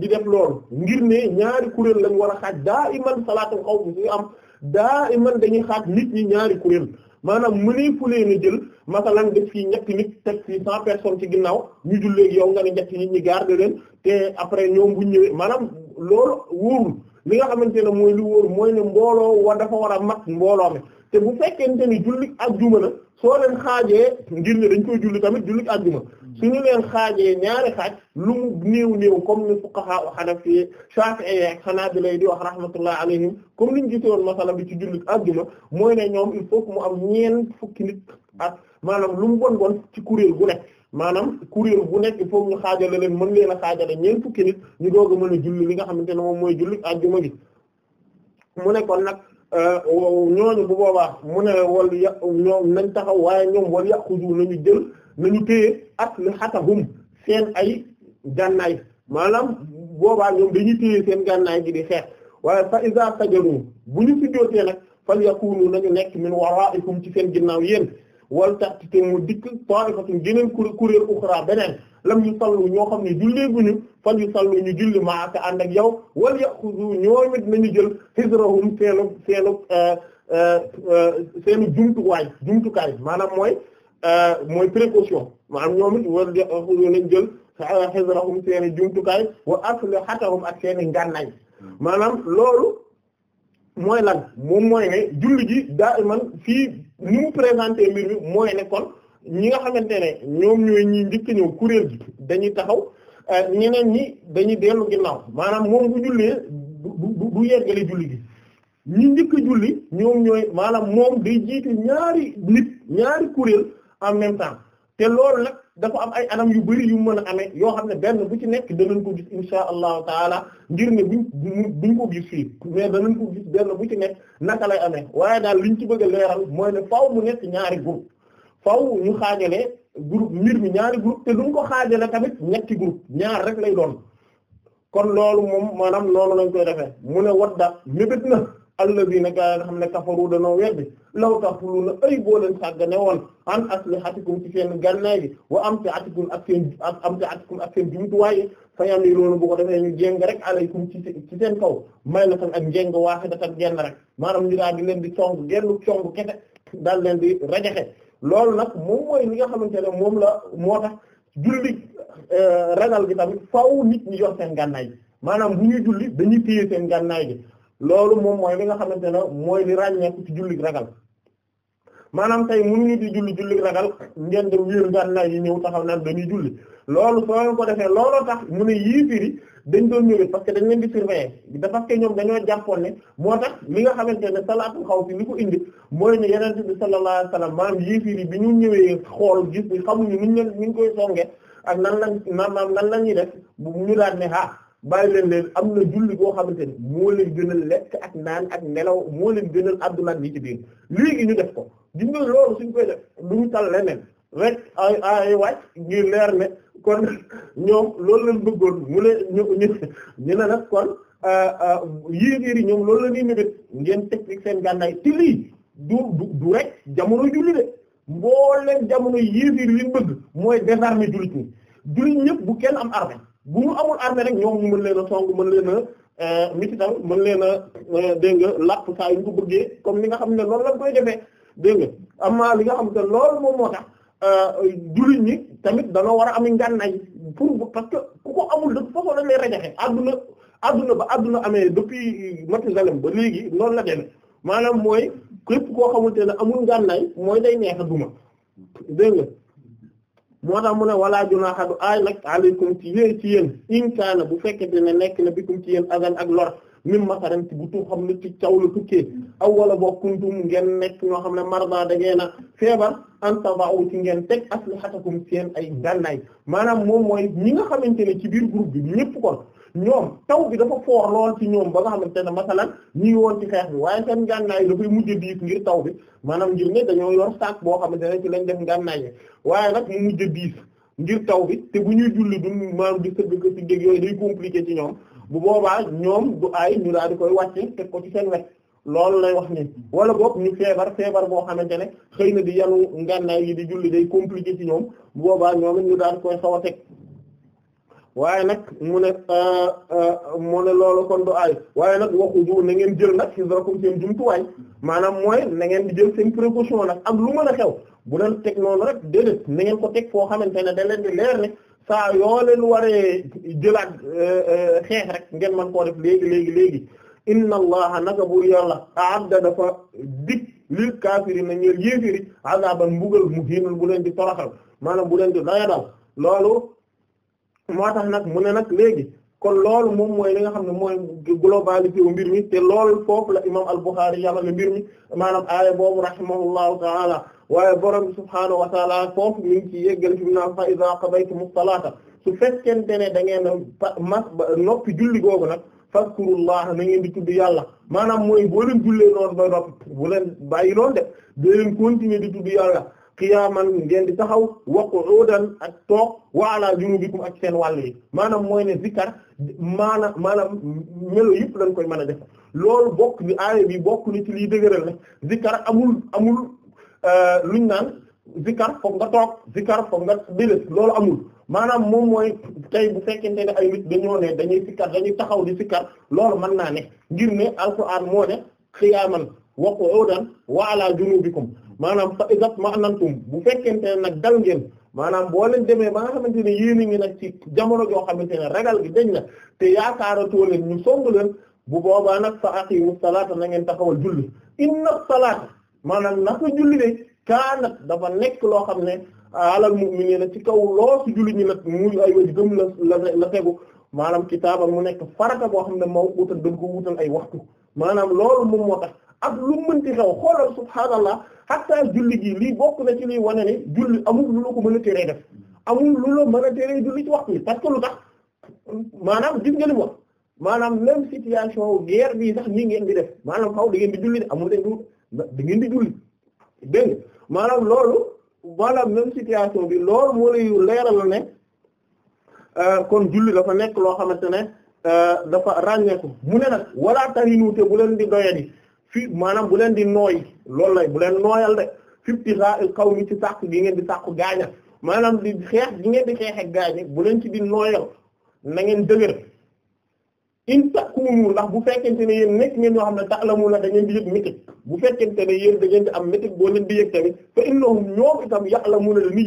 di def loolu ngir ne ñaari kuréel lañ war a xaaj daa iman salaatul xawf bu am daa iman dañuy xaaj ñaari kuréel maanaam mënee fu leen a jël masalan def fii ñetti nit teg fii cent personne ci ginnaaw ñu julleegi yow nga ne ñetti nit ñi garder leen te après ñoom bu ñëwee maanaam loolu wóorul li nga xamante ne mooy lu wóor mooy ne mbooloo wa dafa war a mat mbooloo mi te bu fekkente ni jullit ak juma na soo leen xaajee ngir ne dañ koy julli tamit jullit ak juma suñu leen xaajee ñaari xaaj lu mu néew néew comme ni fuqaha hanafi shafi'i ak hanabila di wax rahmatullah alayhim comme niñ gise woon masala bi ci jullit àjjuma mooy ne ñoom il faut que mu am ñeent fukki nit ak maanaam lu mu bon bon ci kuréel gu nekk maanaam kuréel bu nekk il faut ñu xaajale leen mën leen a xaajale ñeent fukki nit ñu doog a a julli li nga xamante ne moom mooy jullit àjjuma bi mu nekkoon nag Euh, ñooñu bu boobaa mu ne wal ya ñoom nañ taxaw waaye ñoom wal yàqudu nañu jël nañu téye at li xatahum seen ay gànnaay maanaam boobaa ñoom dañuy téye seen gànnaay gi di xeex waaye fa iza sajadu bu ñu si jootee nag fal yakunu nañu nekk min waraikum ci seen ginnaaw yéen wal tax te mu dikk ta'ifatun geneen kuréel uxra beneen lam yu sallu ñoo xam ne julleeguñu fal yu sallu ñu julli maaka ànd ak yow wal yaxudu ñoom it nañu jël xisrahum seenu seenu euh, euh, euh, seenu jumtuwaay jumtukaay maanaam mooy mooy précaution maanaam ñoom it wal yaxudu nañ jël xisrahum seeni jumtukaay wa aslihatahum ak seeni ngànnaay hmm. maanaam loolu mooy lan moom mooy ne julli gi daa man fii ni mu présenté mbir mi mooy ne kon ñi nga xamante ne ñoom ñooy ñi njëkk ñëw kuréel gi dañuy taxaw eh, ñeneen ñi dañuy dellu ginnaaw maanaam moom bu jullee du du yeggale julli gi ñi njëkk julli ñoom ñooy maanaam moom day jiitu ñaari nit ñaari kuréel en même temps te loolu nag dafa am ay anam yu bari yu mën a ame yoo xam ne benn bu ci nekk danañ ko gis insha allahu taala ngir ne buñ buñ ko gis fii mais danañ ko gis benn bu ci nekk naka lay amee waaye daal lu liñ ci bëgg a leeral mooy ne faaw mu nekk ñaari groupe faaw ñu xaajale group mbir mi ñaari group te duñ ko xaajale tamit ñetti groupe ñaar rek lay doon kon loolu moom maanaam noonu lañ koy defee mu ne wadda mébét na alladina gaa yi nga xam ne kafaru danoo weddi law taxluuna ay boo leen sàggane woon an aslihatikum ci seen gànnaay bi wa amtiatikum ak seen amtiatikum ak seen jumtuwaay yi fa yamiluuna bu ko defee ñu jéng rek alaykum ci ci seen kaw may la tan ak njéng waahidatan genn rek maanaam ñu daal di leen di cong gennu cong kese daal leen di rajaxe loolu nag moom mooy li nga xamante ne moom la moo tax julli euh, ragal gi tamit faaw nit ñi yor seen gànnaay bi maanaam bu ñuy julli dañuy téye seen gànnaay bi loolu moom mooy li nga xamante ne mooy li ràññeeku ci jullit ragal mu tey mënuñu di julli jullit ragal ngeen dem wéeru gànnaay yi ñëw taxaw naan dañuy julli loolu soo ko defee looloo tax mu ne yii dañ doon ñëwee parce que dañ leen di surveiller dafa ke ñoom dañoo jàppoon ne moo tax li nga xamante ne salaatul xaw fi li ko indi mooy ne yenente bi sallallahu alayhi wasallam maanaam yéifiir bi ñu ñëwee xool gis bi xamuñu nuñ leen ñu ngi koy songe ak nan lañ maanaam nan la ñuy def bu ñu daan ne ah bàyyi leen leen am na julli boo xamante ni moo leen gënal lekk ak naan ak nelaw moo leen gënal àdduna ak li ci biir léegi ñu def ko gis nga loolu suñ koy def leen tal rek ay ay ngir leer ne kon ñoom loolu lañ bëggoon mu ne ñu ñu ñu ne nag kon euh, euh, yéegéer yi ñoom loolu la ñuy ngeen teg seen gànnaay ci lii du jamono julli de jamono yéegéer yi liñ bëgg mooy désarmer jullit ñi jullit ñëpp bu kenn am arme bu ñu amul armée rek ñoom mën leen a song mën leen a euh, misital mën leen a euh, dégg nga làpp saa yu ñu ko bëggee comme ni nga xam ne loolu lañ koy defee dégg nga amaa li nga xam ne lool moom moo tax euh, jullit ñi tamit dañoo war a am ngànnaay pour parce que ku ko amul dëkk foofu lañ lay rajaxe adduna àdduna ba àdduna amee depuis Mathusalem ba léegi noonu la demee maanaam mooy képp koo xamante ne amul ngànnaay mooy day neex a duma dégg moo tax mu ne walaa junaaha du aay nag alaykum ci yéen ci yéen in kaana bu fekkente ne nekk na bikum ci yéen azan ak lor min masaran ci bu tu xam ne ci caw la tukkee aw wala boo kuntum ngeen nekk ñoo xam ne marda da ngeen a feebar an taba'u ci ngeen teg aslihatakum seen ay gànnaay maanaam moom mooy ñi nga xamante ne ci biir groupe bi ñëpp kon ñoom taw bi dafa foor lool ci ñoom ba nga xamante ne masalan ñi woon ci xeex bi waaye seen ngànnaay dafay mujj diis ngir taw bi maanaam ngir ne dañoo yor saak boo xamante ne ci lañ def ngànnaay yi waaye nag mu mujj diis ngir taw bi te bu ñuy julli du maanaam di sëgg ci dégg yooyu day compliqué ci ñoom bu boobaa ñoom du ay ñu daal di koy wàcce teg ko ci seen wet loolu lay wax ni wala boog ñu feebar feebar boo xamante ne xëy na di yanu ngànnaay yi di julli day compliqué ci ñoom bu boobaa ñoom it ñu daal di koy xaw teg waaye nag mu ne euh, euh, mu ne loolu kon du aay waaye nag waxu du na ngeen jël nag xisrakum seen jumtuwaay maanaam mooy na ngeen di jël seen précaution nag am lu mën a xew bu leen teg noonu rek déedéet na ngeen ko teg foo xamante ne da leen di leer ne saa yoo leen waree jëlaat euh, xeex rek ngeen man koo def léegi léegi léegi inna allaha naka buur yàlla aadda dafa dig lil kaafiri na ñeel yéefiri azaban mbugal mu hiinul bu leen di toroxal maanaam bu leen di dayadal loolu moo tax nag mu ne nag léegi kon loolu moom mooy li nga xam ne mooy globalité wu mbir mi te loolu foofu la imam al-Bukhari yamale mbir mi maanaam aaya boobu rahimahullahu ta'ala waaye borom subhaanahu wa ta'ala foofu mi ngi ci yeggal fi mu naan fa idha qadaytum as-salata su fekkente ne da ngeen mas noppi julli googu nag fazkurullah na ngeen di tudd yàlla maanaam mooy boo leen jullee noonu ba noppi bu leen bàyyi noonu de dee leen continuer di tudd yàlla qiyaaman ngeen di taxaw wa qu'udan ak toog wa ala junubikum ak seen wàll yi maanaam mooy ne zikar maanaam maanaam melo yëpp lañ koy mën a def loolu bokk ni aaya bi bokk ni ci liy dëgëral la zikar amul amul euh, luñ naan zikar foog nga toog zikar foog nga bilis loolu amul maanaam moom mooy tey bu fekkente ne ay nit dañoo ne dañuy sikkar dañuy taxaw di sikkar loolu mën naa ne ngir ne alquran moo ne qiyaaman wa qu'udan wa ala junubikum maanaam fa isat ma'nantum bu fekkente ne nag dal ngeen maanaam boo leen demee ba nga ne yéen a ngi nag ci jamono joo xamante ne ragal gi dañ na te yaakaaratoo leen ñu song leen bu boobaa nag fa aqimu salaata na ngeen taxawal julli inna salaata maanaam naka julli de kaanat dafa nekk loo xam ne alal mu'minina ci kaw loo su julli ñi nag muy ay la la la tegu maanaam kitaaban mu nekk farata boo xam ne moo utal dañ ko wutal ay waxtu maanaam loolu moom moo tax ak lu mënti xew xoolal subhaanallah hatta julli gi lii bokk na ci liy wane ne julli amul lu la ko mën a teree def amul lu la mën a teree julli ci waxtu bi parce que lu tax maanaam gis nga li mu wax maanaam même situation guerre bi sax nii ngeen di def maanaam xaw da ngeen di julli de amul dañ da ngeen di julli dégg maanaam loolu maanaam même situation bi loolu moo lay leeral ne Euh, kon julli dafa nekk loo xamante ne euh, dafa ràññeeku mu ne nag wala tarinu te bu leen di doyadi fii maanaam bu leen di nooy loolu lay bu leen nooyal de fiptira il xaw mi ci sàkk gi ngeen di sàkku gaaña maanaam di xeex gi ngeen di xeexee ak gaaña bu leen ci di nooyal na ngeen dëgër in takunu ndax bu fekkente ne yéen nekk ngeen ñoo xam ne ta'lamuna da ngeen di yëg métit bu fekkente ne yéen da ngeen di am métit boo leen di yëg tamit fa innahum ñoom itam ya'lamuna dañuy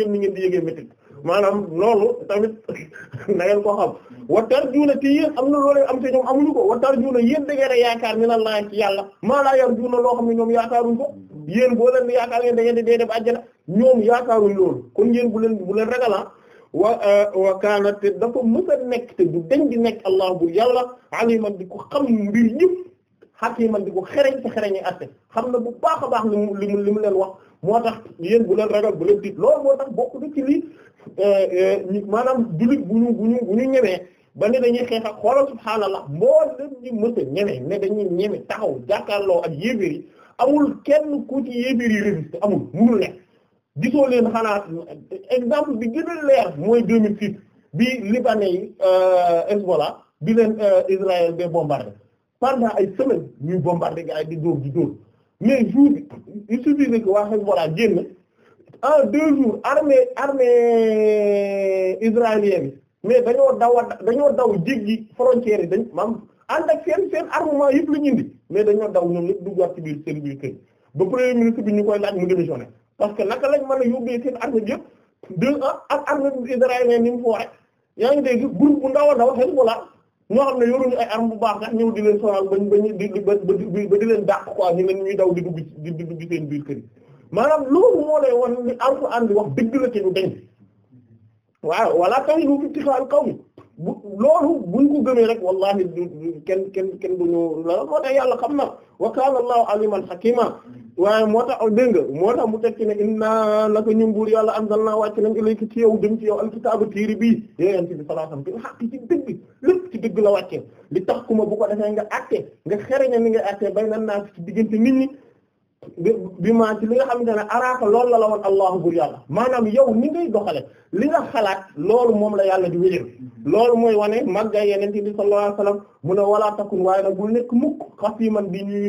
yéen ni di yëgee maanaam loolu tamit na ngeen ko xam wattar juuna ci yéen am na loolee am te ñoom amuñu ko wattar juuna yéen da ngeen a yaakaar mi na laa ci yàlla maa laa yar juuna loo xam ne ñoom yaakaaruñ ko yéen boo leen yaakaar ngeen da ngeen di dee def àjjana ñoom yaakaaruñ loolu kon yéen bu leen bu leen ragalaa ah. wa eh, wa kaana te dafa mës a nekk te du dañ di nekk allah bu yàlla aliman di ko xam mbir yëpp hakiman di ko xereñ te xereñi atte xam na bu baax a baax li mu li mu leen wax moo tax yéen bu leen ragal bu leen tiit loolu moo tax bokk na ci lii euh, euh, maanaam jullit bu ñu bu ñu ñemee ba ne dañuy xeex ak xoolal subhaanallah mboo leen di mës a ñeme ne dañuy ñeme taxaw jàkkaarloo ak yéeféer yi amul kenn ku ci yéeféer yi résister amul munul ne gisoo leen xanaa exemple bi gën a leer mooy 2006 bi libanais yi euh, Hezbollah bi leen Israël de par pendant ay semaines ñuy bombardé ga ay di dóor di dóor mais jour bi il suffisait que waa Hezbollah génn en deux jours armée armée israélienne bi mais dañoo daw dañoo daw jéggi frontière yi dañ maam ànd ak seen seen armement yëpp la ñu indi mais dañoo daw ñoom ñëpp duggaat ci biir seen biir kër ba premier ministre bi ñu koy laaj mu démissionné parce que naka lañ mën a yóbbee seen armée bi yëpp deux ans ak armée israélienne foore yaa ngi dégg groupe bu ndaw a ndaw Hezbollah ñoo xam ne yoruñu ay arme bu baax nag ñëw di leen sonal bañ bañ di ba ba di leen dàq quoi ñu leen ñuy daw di dugg di dugg seen biir kër yi maanaam loolu moo lay wan ni Alxuraan bi wax dëgg la ci lu denc waaw wala taw yi lu fi ci xaal kaw bu loolu buñ ko gëmee rek wallahi du kenn kenn kenn du ñu la moo tax yàlla xam na wa kaana allahu aliman hakima waaye moo tax dégg nga moo tax mu tekki ne inna naka ñun buur yàlla anzalna wàcc nañ ilayka ci yow dem ci yow alkitaaba téere bii yéen ci bi salaatam bi xaq ci dëgg lépp ci dëgg la wàccee li tax kuma bu ko defee nga àtte nga xereña ni nga àtte bay nan naa ci diggante nit ñi bi maa ci li nga xamante ne araaka loolu la la woon allahu bur yàlla maanaam yow ni ngay doxale li nga xalaat loolu moom la yàlla di wéyal loolu mooy wane màggay yeneen bi sallallahu alayhi wasallam mu waaye nag bul nekk mukk xasiman di ñuy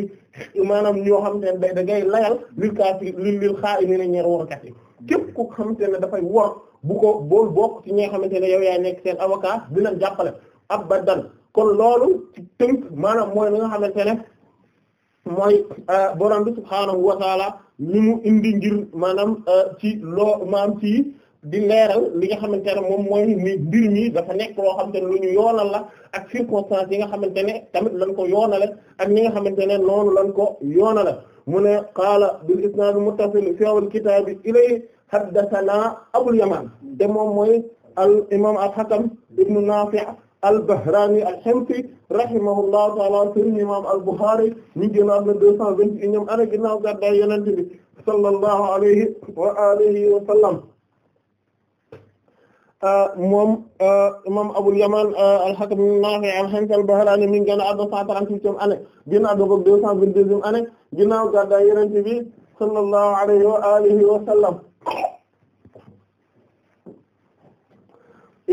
maanaam ñoo xamante ne da ngay layal lil kaafi lil lil xaa i ni ñeer warkat yi képp ko xamante ne dafay wor bu ko bool bokk ci ñi nga xamante ne yow yaay nekk seen avocat dinañ jàppale abadan kon loolu ci tënk maanaam mooy li nga xamante ne mooy euh, borom bi subhaanahu wa taala mu indi ngir maanaam euh, ci loo maam ci di leeral li nga xamante moom mooy ni mbir mi dafa nekk loo xamante ne lu ñu yoonal la ak circonstances yi nga xamante ne tamit lañ ko yoonale ak ñi nga xamante ne noonu lan ko yoonale mu ne qaala bil isnaad muttasil fi awal kitaab ilay haddathana abul yaman te moom mooy al imam al hakam ibnu nafi' al-Bahraani al-Himsi rahimahullahu ta'ala sëriñ imaam al-Bukhari ñu génnaat na deux cent vingt et unième année ginnaaw gàddaay Yonent bi sallallahu alayhi wa alihi wa sallam moom imam Abul Yaman al-Hakam Naafi al-Himsi al-Bahraani mi ngi génn àdduna cent trente-huitième année génn àdduna ko deux cent vingt-deuxième année ginnaaw gàddaay Yonent bi sallallahu alayhi wa alihi wa sallam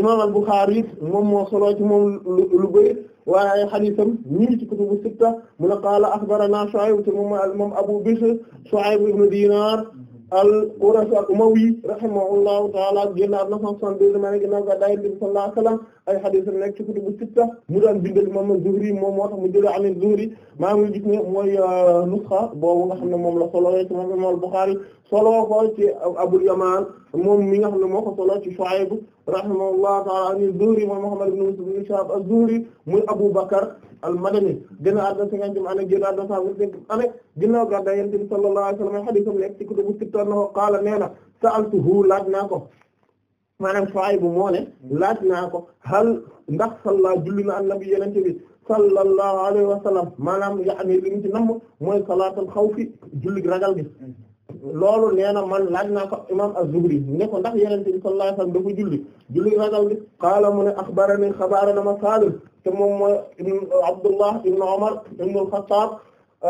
imaam al-Bukhari moom moo solo ci moom lu bari waaye xadiisam ñu ngi ci kutubu sitta mu ne qaala axbaranaa Shuayb te moom moom Abu Bishr Shuayb ibn Diinaar al-Qurashi al-Umawi rahimahullahu ta'ala génn na 962 ma ne ginnaaw ga daay Nabi sallallahu alayhi wa sallam ay xadiisam nekk ci kutubu sitta mu daan bindal imaam az-Zuhri moom moo tax mu jëlee an az-Zuhri maa ngi gis ne mooy euh, nusxa boobu nga xam ne moom la solo ci moom imaam al-Bukhari solo ko ci Abul Yamaan moom mi nga xam ne moo ko solo ci Shuayb rahimahullahu ta'ala an Zuhri moom Muhammad ibn Muslim ibn Shihab az-Zuhri muy Abu Bakr al-Madani gën a àdduna cinquantième année gën a àdduna cent vingt-cinquième année ginnaaw gàddaay Yonent bi sallallahu alayhi wa sallam hadiisam nekk ci kutubu sitta na ko qaala nee na sa'altuhu laaj naa ko maanaam Shuayb moo ne laaj naa ko hal ndax salla julli na an-nabi Yonent bi sallallahu alayhi wa sallam maanaam yaani li ñu ci namm mooy salaatul xawfi julli ragal gi loolu nee na man laaj naa ko imam az-Zuhri ne ko ndax yonent bi sallallahu alayhi wasallam dafa julli julli ragal bi qaala mu ne axbarani xabaara na ma Saalim te moom mooy Abdullah ibn Umar ibn al-Khattab euh,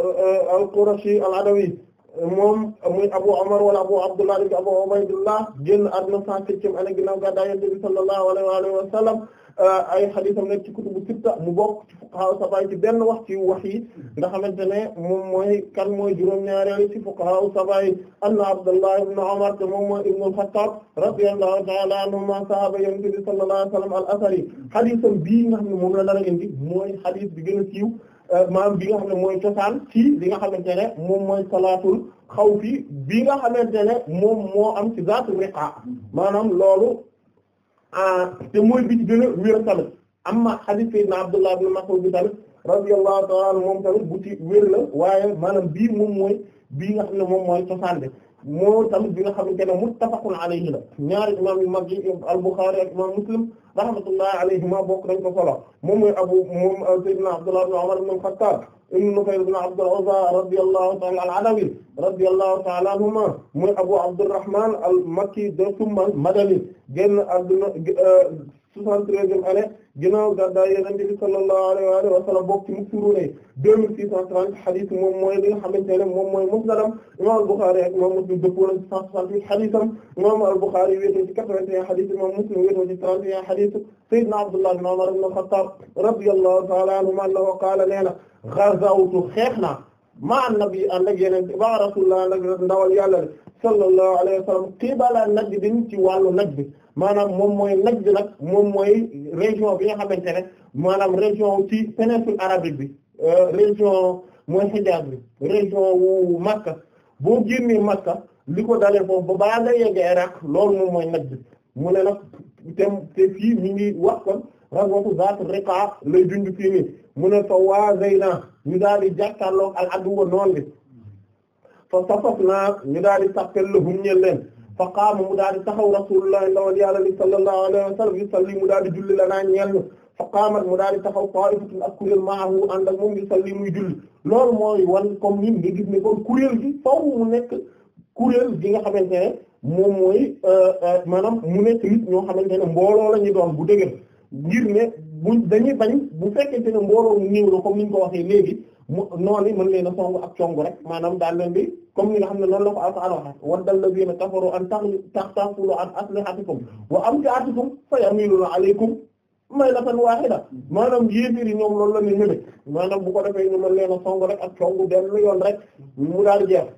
euh, euh, al-Qurashi al-Adawi moom muy Abu Umar wala Abu Abdullah ibn Abu Ubaydullah génn àdduna cent septième année ginnaaw gàddaay Yonent bi sallallahu alayhi wa sallam euh, ay xadiisam nekk ci kutubu sitta mu bokk ci fuqahaa sab'a ci benn wax ci wax yi nga xamante ne moom mooy kan mooy juróom-ñaareelu ci fuqahaa sab'a anna Abdullah ibn Umar te moom mooy ibn al-Khattab radiyallahu ta'ala anhuma sahaaba Yonent bi sallallahu alayhi wa sallam al-athari xadiisam bii nga xam ne moom la dara indi mooy xadiis bi gën a siiw Euh, maanaam bi nga xam ne mooy cosaan ci li nga xamante ne moom mooy salaatul xawfi bi nga xamante ne moom moo am ci zaatu riqaa maanaam loolu ah, te mooy bi ci gën a wér tamit amma hadith sayyidina Abdullah ibn Mas'ud bi tamit radiyallahu ta'ala moom tamit waaye maanaam bii moom mooy bii nga xam ne moom mooy cosaan bi moo tamit bi nga xamante ne muttafaqun alayhi la ñaari imaam yu mag yi al-Bukhari ak imaam Muslim rahmatullahi alayhima bokk nañ ko solo moom mooy abu moom euh, sayyidina Abdullah ibn Umar ibn al-Khattab ibn Nufayl ibn Abd al-Uzza radiyallahu ta'ala al-Adawi radiyallahu ta'ala anhuma mooy abu Abdurrahman al-Makki de Summa al-Madani génn adduna euh, soixante-treizième année ginnaaw gàddaay Yonent bi sallallahu alayhi wa sallam bokk ci muksuru ne deux mille six cent trente xadis moom mooy li nga xamante ne moom mooy musnadam imam al-Bukhari ak imam Muslim dëppoo na ci cent soixante-huit xadisam imam al-Bukhari wéetoo ci quatre-vingt-un xadis imam Muslim wéetoo ci trente et un xadis Sayyidina Abdullah ibn Umar ibn al-Khattab radiyallahu ta'ala anhuma annahu qaala nee na xazawtu xeex naa maa annabi yi ak yeneen ba rasulullah ndawal yàlla de sallallahu alayhi wa sallam qibala najdin ci wàllu najd bi maanaam moom mooy najd nag moom mooy région bi nga xamante ne maanaam région ci péninsule arabique bi euh, région mooy Hijaz bi région wu Makka boo génnee Makka li ko dalee foofu ba baa nga yegg Iraq loolu moom mooy najd bi mu ne nag te te fii ngi wax kon ghazwatu zaatu riqa lay junj fii mu ne fa waazayna ñu daal di jàkkaarloog al aduwa noon bi fa safafna ñu daal di sappel lahum ñeel leen fa qaama mu daal di taxaw rasulullah ndawal yàlla li sallallahu alayhi wa sallam mu daal di julli la naa ñeel ñu fa qaamat mu daal di taxaw ta'ifatun ak kuréel maahu ànd ak moom yusalli muy julli loolu mooy wan comme ni nga gis kon kuréel gi faw mu nekk gi nga xamante ne moom mooy euh, euh, maanaam mu nekk nit ñoo xamante la doon bu dëgër ngir ne buñ dañuy bañ bu fekkente ne mbooloo mu néew ko comme ni ñu ko waxee léegi mu noonu man leen a ak cong rek maanaam daal leen bi comme ni nga xam ne noonu la ko Alxuraan waxe waddal lazina kafaru an tahsulu an aslihatikum wa amtiatikum fa yamilu alaykum maylatan waahida maanaam yéeféer yi ñoom loolu la ñuy ñëme maanaam bu ko defee ñu mën leen a song rek ak cong benn yoon rek mu daal jeex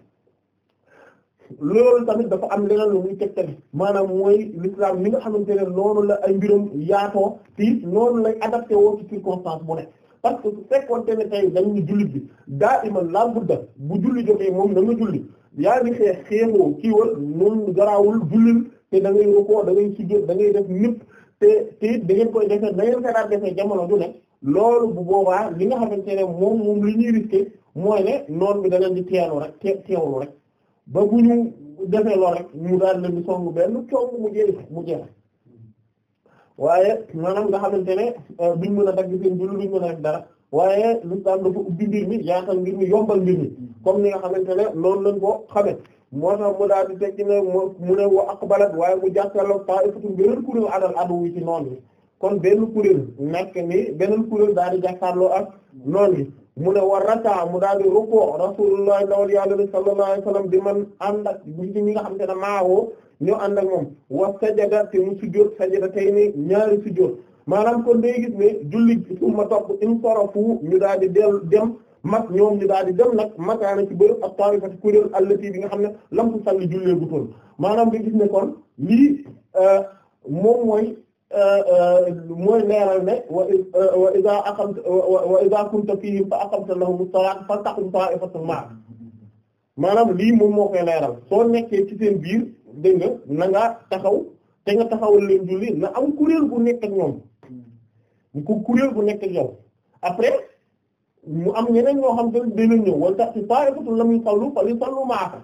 loolu tamit dafa am leneen lu muy tegtale maanaam mooy l'islam li nga xamante ne noonu la ay mbiram yaatoo ci noonu lay adapté woo ci circonstance bu nekk parce que su fekkoonte ne tey dañ ñu jullit bi daa iman laa budda bu julli jotee moom da nga julli yaa ngi xeex xeexoo kii wal moom garaawul jullil te da ngay rukoo da ngay sujjóot da ngay def ñëpp te te it da ngeen koy defee da ngeen koy defee jamono du ne loolu bu boobaa li nga xamante ne moom moom li ñuy risqué mooy ne noonu bi da leen di teelu rek teewlu rek ba bu ñu defee lool rek mu daal leen di benn coow mu jeex mu waaye maanaam nga xamante ne euh, duñ mën a dagg seen julli duñ mën a def dara waaye l'islam dafa ubbi mbir mi yaatal mbir mi yombal mbir mi comme ni nga xamante ne loolu lañ ko xamee moo tax mu daal di ne mu ne wa aqbalat waaye mu jàkkaarloog ta'ifatun beneen kuréel alal aduwwi ci noon bi kon benn kuréel nekk ni beneen kuréel daal di jàkkaarloo ak noon yi mu ne war rata mu daal di rukkoo rasulullah ndawal yàlla bi sallallahu alayhi wasallam di man ànd ak bu ñi nga xam te ne maawoo ñoo ànd ak moom wa sajada te mu sujjóot sajada tey ni ñaari sujjóot maanaam kon day gis ne julli suma topp in sorofu ñu daal di dellu dem mat ñoom ñu daal di dem nag makaana ci bërëb ak taarifati kuréel allati bi nga xam ne lam tu salli jullee gu toon maanaam day gis ne kon lii euh, Euh, euh, mooy leeral ne wa euh, wa iza aqamta wa iza kunta fihim fa aqamta lahum as-salata faltaqum ta'ifatun ma'ak maanaam lii moom moo koy leeral soo nekkee ci seen biir dégg nga na nga taxaw te nga taxawal leen julli na am kuréel bu nekk ak ñoom ku kuréel bu nekk ak yow après mu am ñeneen ñoo xam te dinañ ñëw wala tax ci ta'ifatun lam yusallu fa yusallu ma'aka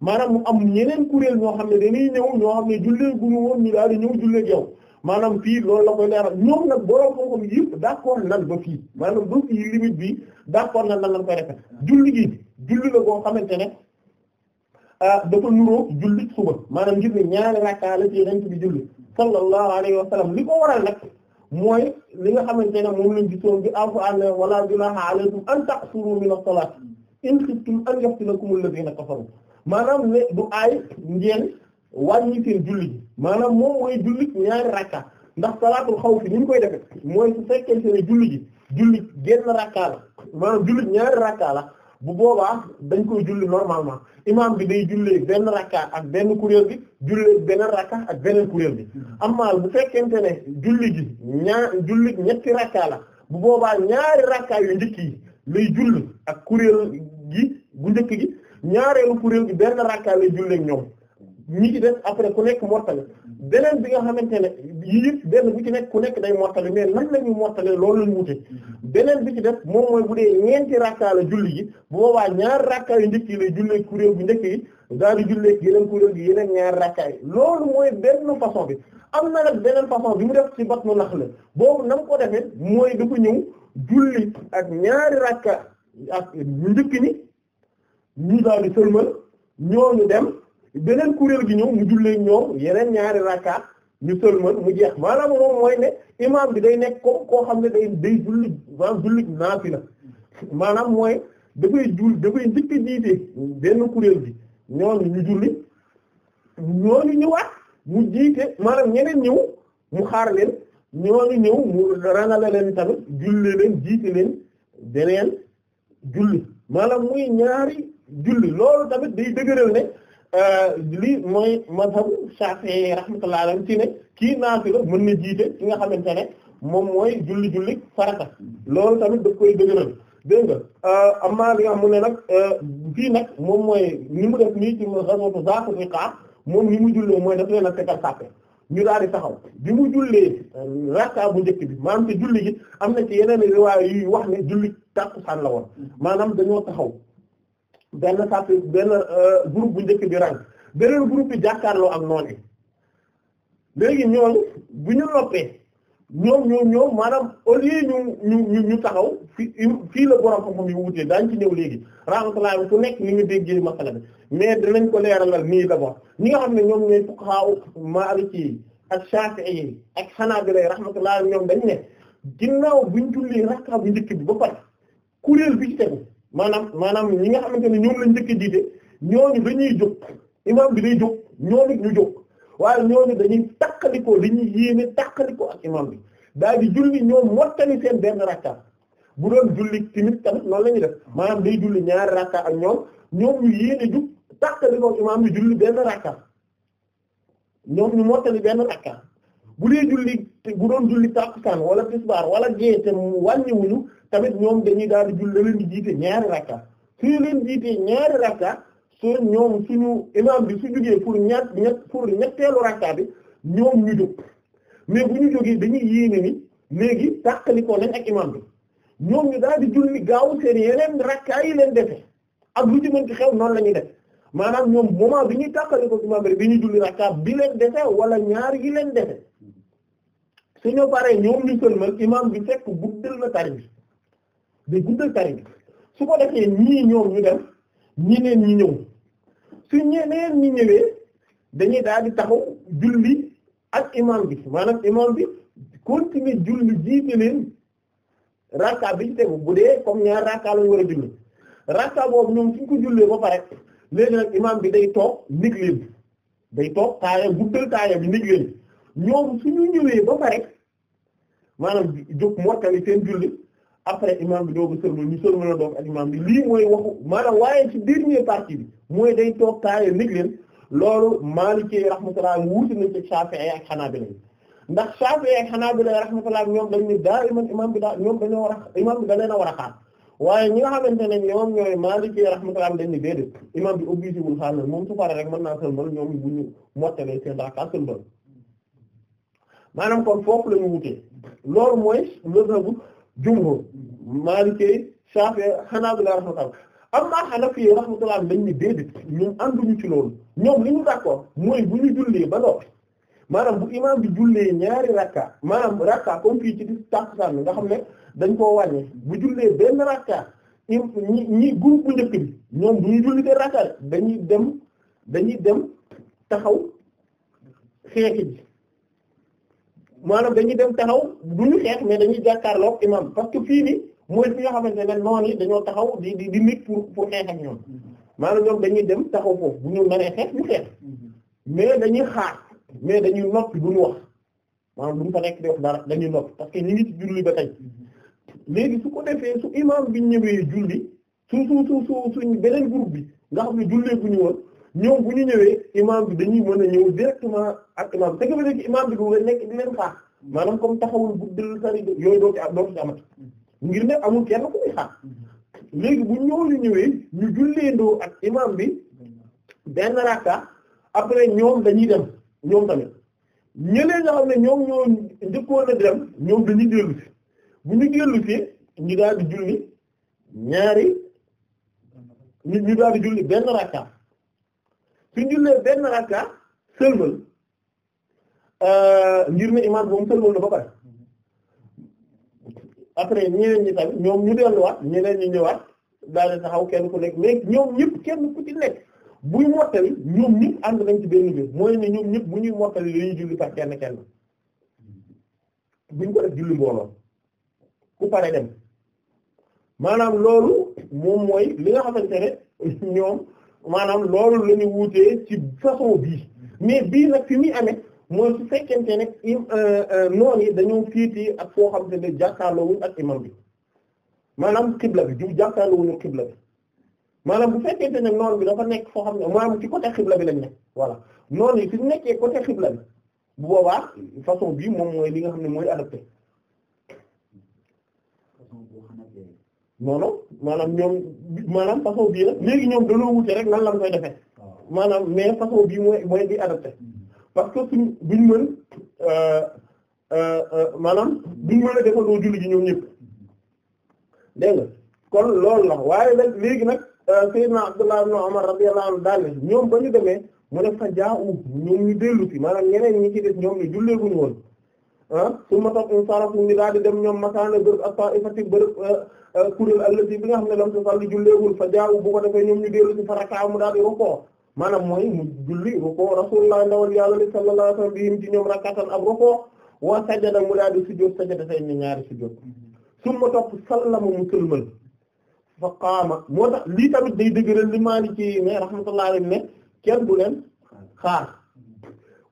maanaam mu am ñeneen kuréel ñoo xam ne dañuy ñëw ñoo xam ne jullee bu ñu ñu daal di ñëw jullee maanaam fii loolu la koy leeral ñoom nag borom xam-xam yëpp d'accord nan ba fii maanaam ba fii limite bi d'accord nan nan lañ koy rafet julli gi julli la boo xamante ne ah, dafa nuróo julli suba maanaam gis ne ñaari rakkaa la ci rent bi julli sallallahu alayhi wa sallam li ko waral nag mooy li nga xamante ne moom lañ gisoon bi alquran ne wala junaha alaykum an taqsuru min as-salati in khiftum an yaftilakum alladhina kafaru maanaam ne du aay ngeen wàññi seen julli gi maanaam moom mooy julli ñaari rakka ndax salaatul xawf ni ñu koy defe mooy su fekkente ne julli gi julli genn rakka la maanaam ñaari rakka la bu boobaa dañ koy julli normalement imaam bi day jullee benn rakka ak benn kuréel gi jullee beneen ak beneen kuréel gi amma bu fekkente ne julli gi ñaar julli ñetti rakka la boobaa ñaari rakka yu njëkk yi lay julli ak kuréel gi bu njëkk gi ñaareelu kuréel gi benn rakka lay jullee ak ñoom ñu ci def après ku nekk mottali beneen bi nga xamante ne yii yëpp benn bu ci nekk ku nekk day mottali mais nan la ñuy mottalee loolu lañ wute beneen bi ci def moom mooy bu dee ñeenti rakka la julli gi bu boobaa ñaar rakka yu njëkk yi lay jullee kuréel bu njëkk yi daal di jullee yeneen kuréel gi yeneen ñaari rakka yi loolu mooy benn façon bi am na nag beneen façon bi mu def ci batnu nax la boobu na mu ko defee mooy ko ñëw julli ak ñaari rakka ak ñu njëkk ñi ñu daal di sëlmal ñooñu dem beneen kuréel gi ñëw mu jullee ñoom yeneen ñaari rakkaat ñu sëlmal mu jeex maanaam moom mooy ne imaam bi day nekk ko koo xam ne day day julli maanaam julli naafila maanaam mooy dafay jul dafay njëkk a kuréel gi ñooñu ñu julli mu jiite maanaam ñeneen ñëw mu xaar leen ñooñu ñëw mu rangale leen tamit julli leen jiite leen beneen julli maanaam muy ñaari julli loolu tamit day dëgëral ne. Euh, lii mooy mazhabu Shafi'i rahmatullahi alayhi ci ne kii naafila mën na jiite ki nga xamante ne moom mooy julli julli farata loolu tamit daf koy dëgëral dégg nga euh, amma li ne nag fii euh, nag moom mooy ni mu def nii ci ghazwatu Zaatu Riqa moom ni mu jullee mooy daf leen a tegal sàppe ñu daal di taxaw bi mu jullee rakka bu njëkk bi maanaam te julli gi am na ci yeneen riwaaya yuy wax ne julli tàkkusaan la woon maanaam dañoo taxaw benn sàpp benn euh, group bu njëkk bi rang beneen groupe bi jàkkaarloo ak noonu léegi ñooñu bu ñu noppee ñoom ñoom ñoom maanaam au lieu ñu ñu ñu taxaw fi fii la borom xam-xam yu wutee daañ ci ñëw léegi rahmatullah ku nekk ni nga déggee masala bi mais danañ ko leeralal nii d'abord ñi nga xam ne ñoom xaaw fuqahaa Maaliki ak Shaafi'i ak Hanaabila rahmatullah ñoom dañ ne ginnaaw buñ julli rakka bu njëkk bi ba pare kuréel bi ci tegu maanaam maanaam ñi nga xamante ne ñoom lañu njëkk a jiite ñooñu dañuy jóg imaam bi day jóg ñooñu ñu jóg waaye ñooñu dañuy takkalikoo dañuy yéene takkalikoo ak imaam bi daal di julli ñoom mottali seen benn rakka bu doon julli timit tamit noonu la def maanaam day julli ñaar rakka ak ñoom ñoom ñu yéene jug takkalikoo imaam bi julli benn rakka ñoom ñu mottali benn rakka bu dee julli bu doon julli tàkkusaan wala tisbaar wala gée te mu wàññiwuñu tamit ñoom dañuy daal di julli da leen ñaari rakka suñu leen jiitee ñaari rakka su ñoom suñu imam bi su jógee pour ñaat ñett pour ñetteelu rakka bi ñoom ñu jóg bu ñu jógee dañuy yéene ni léegi tàqalikoo nañ ak imam bi ñoom ñu daal di julli gaaw seen yeneen rakka yi leen defe ak lu ci mën ci xew noonu la ñuy def maanaam ñoom moment bi ñuy tàqalikoo imam bi bi ñuy julli rakka bi leen defe wala ñaari yi leen defe suñu paree ñoom ñu sëlmal imaam bi fekk guddal na tari bi day guddal tari bi su ko defee ñii ñoom ñu dem ñeneen ñi ñëw su ñeneen ñi ñëwee dañuy daal di taxaw julli ak imaam bi maanaam imaam bi continuer julli jiite leen rakka bi ci tegu bu dee comme ñaar rakka lañu war a julli rakka boobu ñoom suñ ko jullee ba pare léegi nag imaam bi day toog nig day toog taaya guddal taaya bi nig ñoom suñu ñëwee ba pare maanaam jóg mottali seen julli après imam bi dooga sërmal ñu sërmal la doog ak imam bi lii mooy waxu maanaam waaye ci dernier partie bi mooy day toog taaye nig leen loolu Maliki rahmatullah wuute na ci Shafi'i ak Hanabila ndax Shafi'i ak Hanabila rahmatullah ñoom dañ ni daa iman ñoom dañoo war a imam da leen a war a xaar waaye ñi nga xamante ne ñoom ñooy Maliki rahmatullah dañ moom su paree rek mën naa sërmal ñoom bu ñu mottalee seen raka sërmal maanaam kon foofu la wutee loolu mooy mazhabu jumhur Maliki Shafi Hanabila rahmatullah amma Hanafi rahmatullah dañ ni déedéet ñoom ànduñu ci loolu ñoom li ñu d'accord mooy bu ñu jullee ba noppi maanaam bu imaam bi jullee ñaari rakka maanaam rakka comme fii ci di tàkkusaan nga xam ne dañ koo wàññi bu jullee benn rakka ñi ñi groupe bu njëkk bi ñoom bu ñu julli benn rakka dañuy dem dañuy dem taxaw xeexi ji maanaam dañuy dem taxaw du ñu xeex mais dañuy jàkkaarloog imam parce que fii nii mooy fi nga xamante ne noon yi dañoo taxaw di di di nit pour pour xeex ak ñoom maanaam ñoom dañuy dem taxaw foofu bu ñu naree xeex ñu xeex mais dañuy xaar mais dañuy noppi ñu wax maanaam duñu fa nekk di wax dara dañuy noppi parce que ñu ngi ci julli ba tey léegi su ko defee su imam bi ñëwee julli su su su su suñ beneen groupe bi nga xam ne jullee ñu woon ñoom bu ñu ñëwee imaam bi dañuy mën a ñëw directement ak imaam te nga nekk imaam bi du nga nekk di ci doo ci amati ngir ne amul kenn ku muy xaar léegi bu ñooñu ñëwee ñu julleendoo ak imaam bi benn rakka après ñoom dañuy dem ñoom tamit ñeneen nga xam ne ñoom ñoo njëkkoon a dem ñoom dañuy dellu si bu ñu dellu ñu daal di julli ñaari ñu daal julli benn rakka. su jullee benn rakka sëlmal euh, ngir ne imaam boobu sëlmal na ba pare après ñeneen ñi tamit ñoom ñu delluwaat ñeneen ñi ñëwaat daal di taxaw kenn ku nekk mais ñoom ñépp kenn ku ci nekk buy mottali ñoom ñëpp ànd nañ ci benn bi mooy ne ñoom ñëpp bu ñuy mottali dañuy julli par kenn kenn buñ ko def julli mbooloo ku pare dem maanaam loolu moom mooy li nga xamante ne ñoom. maanaam loolu la ñu wuutee ci façon bii mais bii nag fi muy amee mooy su fekkente ne euh, euh, noon yi dañoo fiiti ak foo xam te ne jàkkaarloowuñ ak imam bi maanaam xibla bi du jàkkaarloowuñu xibla bi maanaam bu fekkente ne noon bi dafa nekk foo xam ne maanaam ci côté xibla bi lañ nekk voilà noon yi fi nekkee côté xibla bi bu boobaa façon bii moom mooy li nga xam ne mooy adapté noonu maanaam ñoom maanaam façon bii la léegi ñoom dañoo wute rek nan lañ koy defee ah. maanaam mais façon bii mooy di adapté hmm. parce que suñ buñ mën euh, euh, euh, maanaam buñ mën a defandoo julli ji ñoom ñëpp hmm. dégg nga kon loolu la waaye nag léegi nag Seydina Abdullah ibn Umar radiyallahu anhu daal ñoom ba ñu demee mu ne fa jaawu ñoom ñu dellu si maanaam ñu ñi ci def ñoom ñu jullee guñu woon Ah, summa topp insarafu ñu daal di dem ñoom masaana bërëb ak ta'ifati bërëb ah, ah, kuréel allati bi nga xam ne lam tusalli julleewul fa jaawu bu ko defee ñoom ñu dellu ci faraka mu daal di rukkoo maanaam mooy mu julli rukkoo rasulullah ndawal yàlla li sallallahu alayhi wa sallam bihim ci ñoom rakatan ab rukkoo wa sajada mu daal di sujjóot sajada tay ni ñaari sujjóot summa topp sallama mu sëlmal fa qaama moo tax lii tamit day dëgëral li Maalik ci ne rahmatullahi alayhi ne kenn du leen xaar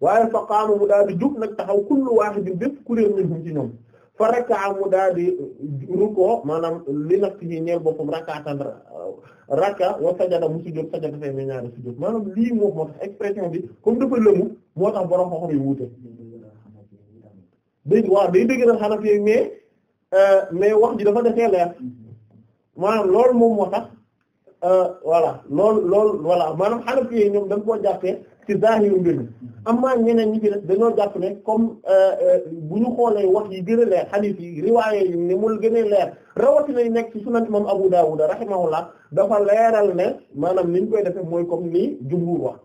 waaye fa qaama mu daal di jug nag taxaw kullu waahidin bépp kuréel minhum ci ñoom fa raka'a mu daal di rukkoo maanaam li nafsihi ñeel boppam rakatan raka wa sajada mu sujjóot sajada fee mi ñaari sujjóot maanaam lii moom moo tax expression bi comme dafa lëmu moo tax borom xam-xam yi wuute dégg waaw day na xanaf yooyu wax ji dafa defee leer maanaam loolu moom moo tax euh, voilà loolu loolu voilà maanaam xanaf yooyu ñoom dañ koo jàppee ci zaahiru mbir mi amaa ñeneen ñi ci def dañoo jàpp ne comme euh, euh, bu ñu xoolee wax yi gën a leer hadith yi riwaaye yi ni mu gën a leer rawatina yi nekk ci sunan imam Abu Dawud rahimahullah dafa leeral ne maanaam ni koy defee mooy comme ni jumhur wax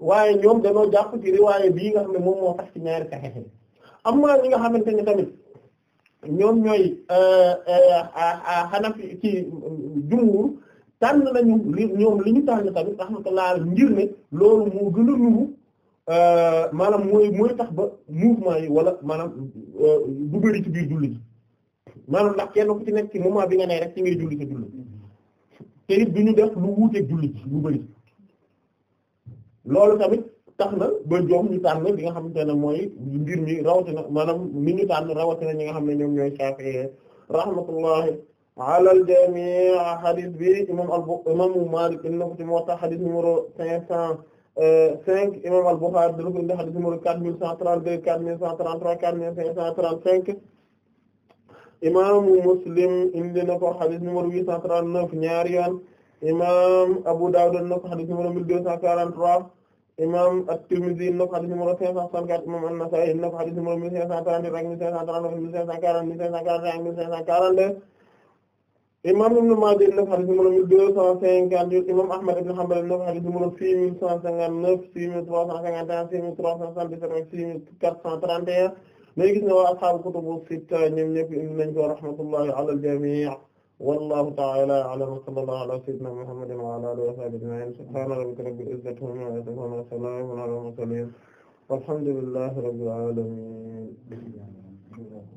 waaye ñoom dañoo jàpp ci riwaaye bii nga xam ne moom moo tax ci ñaari saxiix yi amaa ñi nga xamante ne tamit ñoom ñooy xanafi euh, ci jumhur tànn nañu li ñoom li ñu tànn tamit rahmatullah ngir ne loolu moo gën a nuru euh, maanaam mooy mooy tax ba mouvement yi wala maanaam euh, du bëri ci biir julli ji maanaam ndax kenn ku ci nekk ci moment bi nga nee rek ci ngay julli sa julli te it du ñu def lu wuuteeg julli ji lu bëri loolu tamit tax na ba jom ñu tànn li nga xamante ne mooy mbir mi rawatina maanaam ni ñu tànn rawatina ñi nga xam ne ñoom ñooy saafee rahmatullah alal jamii xadis bi imam al imaamu Maalik indi na ko ci Muwatta xadis numéro cinq cent cinq imam al Buxaari dina ko indi xadis numéro quatre mille cent trente-deux quatre mille cent trente-trois quatre mille cinq cent trente-cinq imaamu Muslim indi na ko xadis numéro huit cent trente-neuf ñaari yoon imam Abu Dawud indi na ko xadis numéro mille deux cent quarante-trois imam At-Tirmidhi indi na ko xadis numéro cinq cent soixante-quatre imam An-Nasa'i indi na ko xadis numéro mille cinq cent trente-huit ak mille cinq cent trente-neuf mille cinq cent quarante mille cinq cent quarante et un mille cinq cent quarante-deux imam Ibn Maaja dina ko xadis numéro mille deux cent cinquante huit imam Ahmad ibn Hanbal dina ko xadis numéro six mille cent cinquante neuf six mille trois cent cinquante un six mille trois cent soixante-dix-sept ak six mille quatre cent trente et un mais gis nga waa ashaabu kutubu sitta ñoom ñëpp indi nañ ko rahmatullahi ala al-jamii' wallahu ta'ala a'lam wa sallallahu ala sayyidina Muhammadin wa ala alihi wa sahbihi ajma'in subhana rabbika rabbil izzati amma yasifun wa salamun ala al-mursalin walhamdulillahi rabbil alamin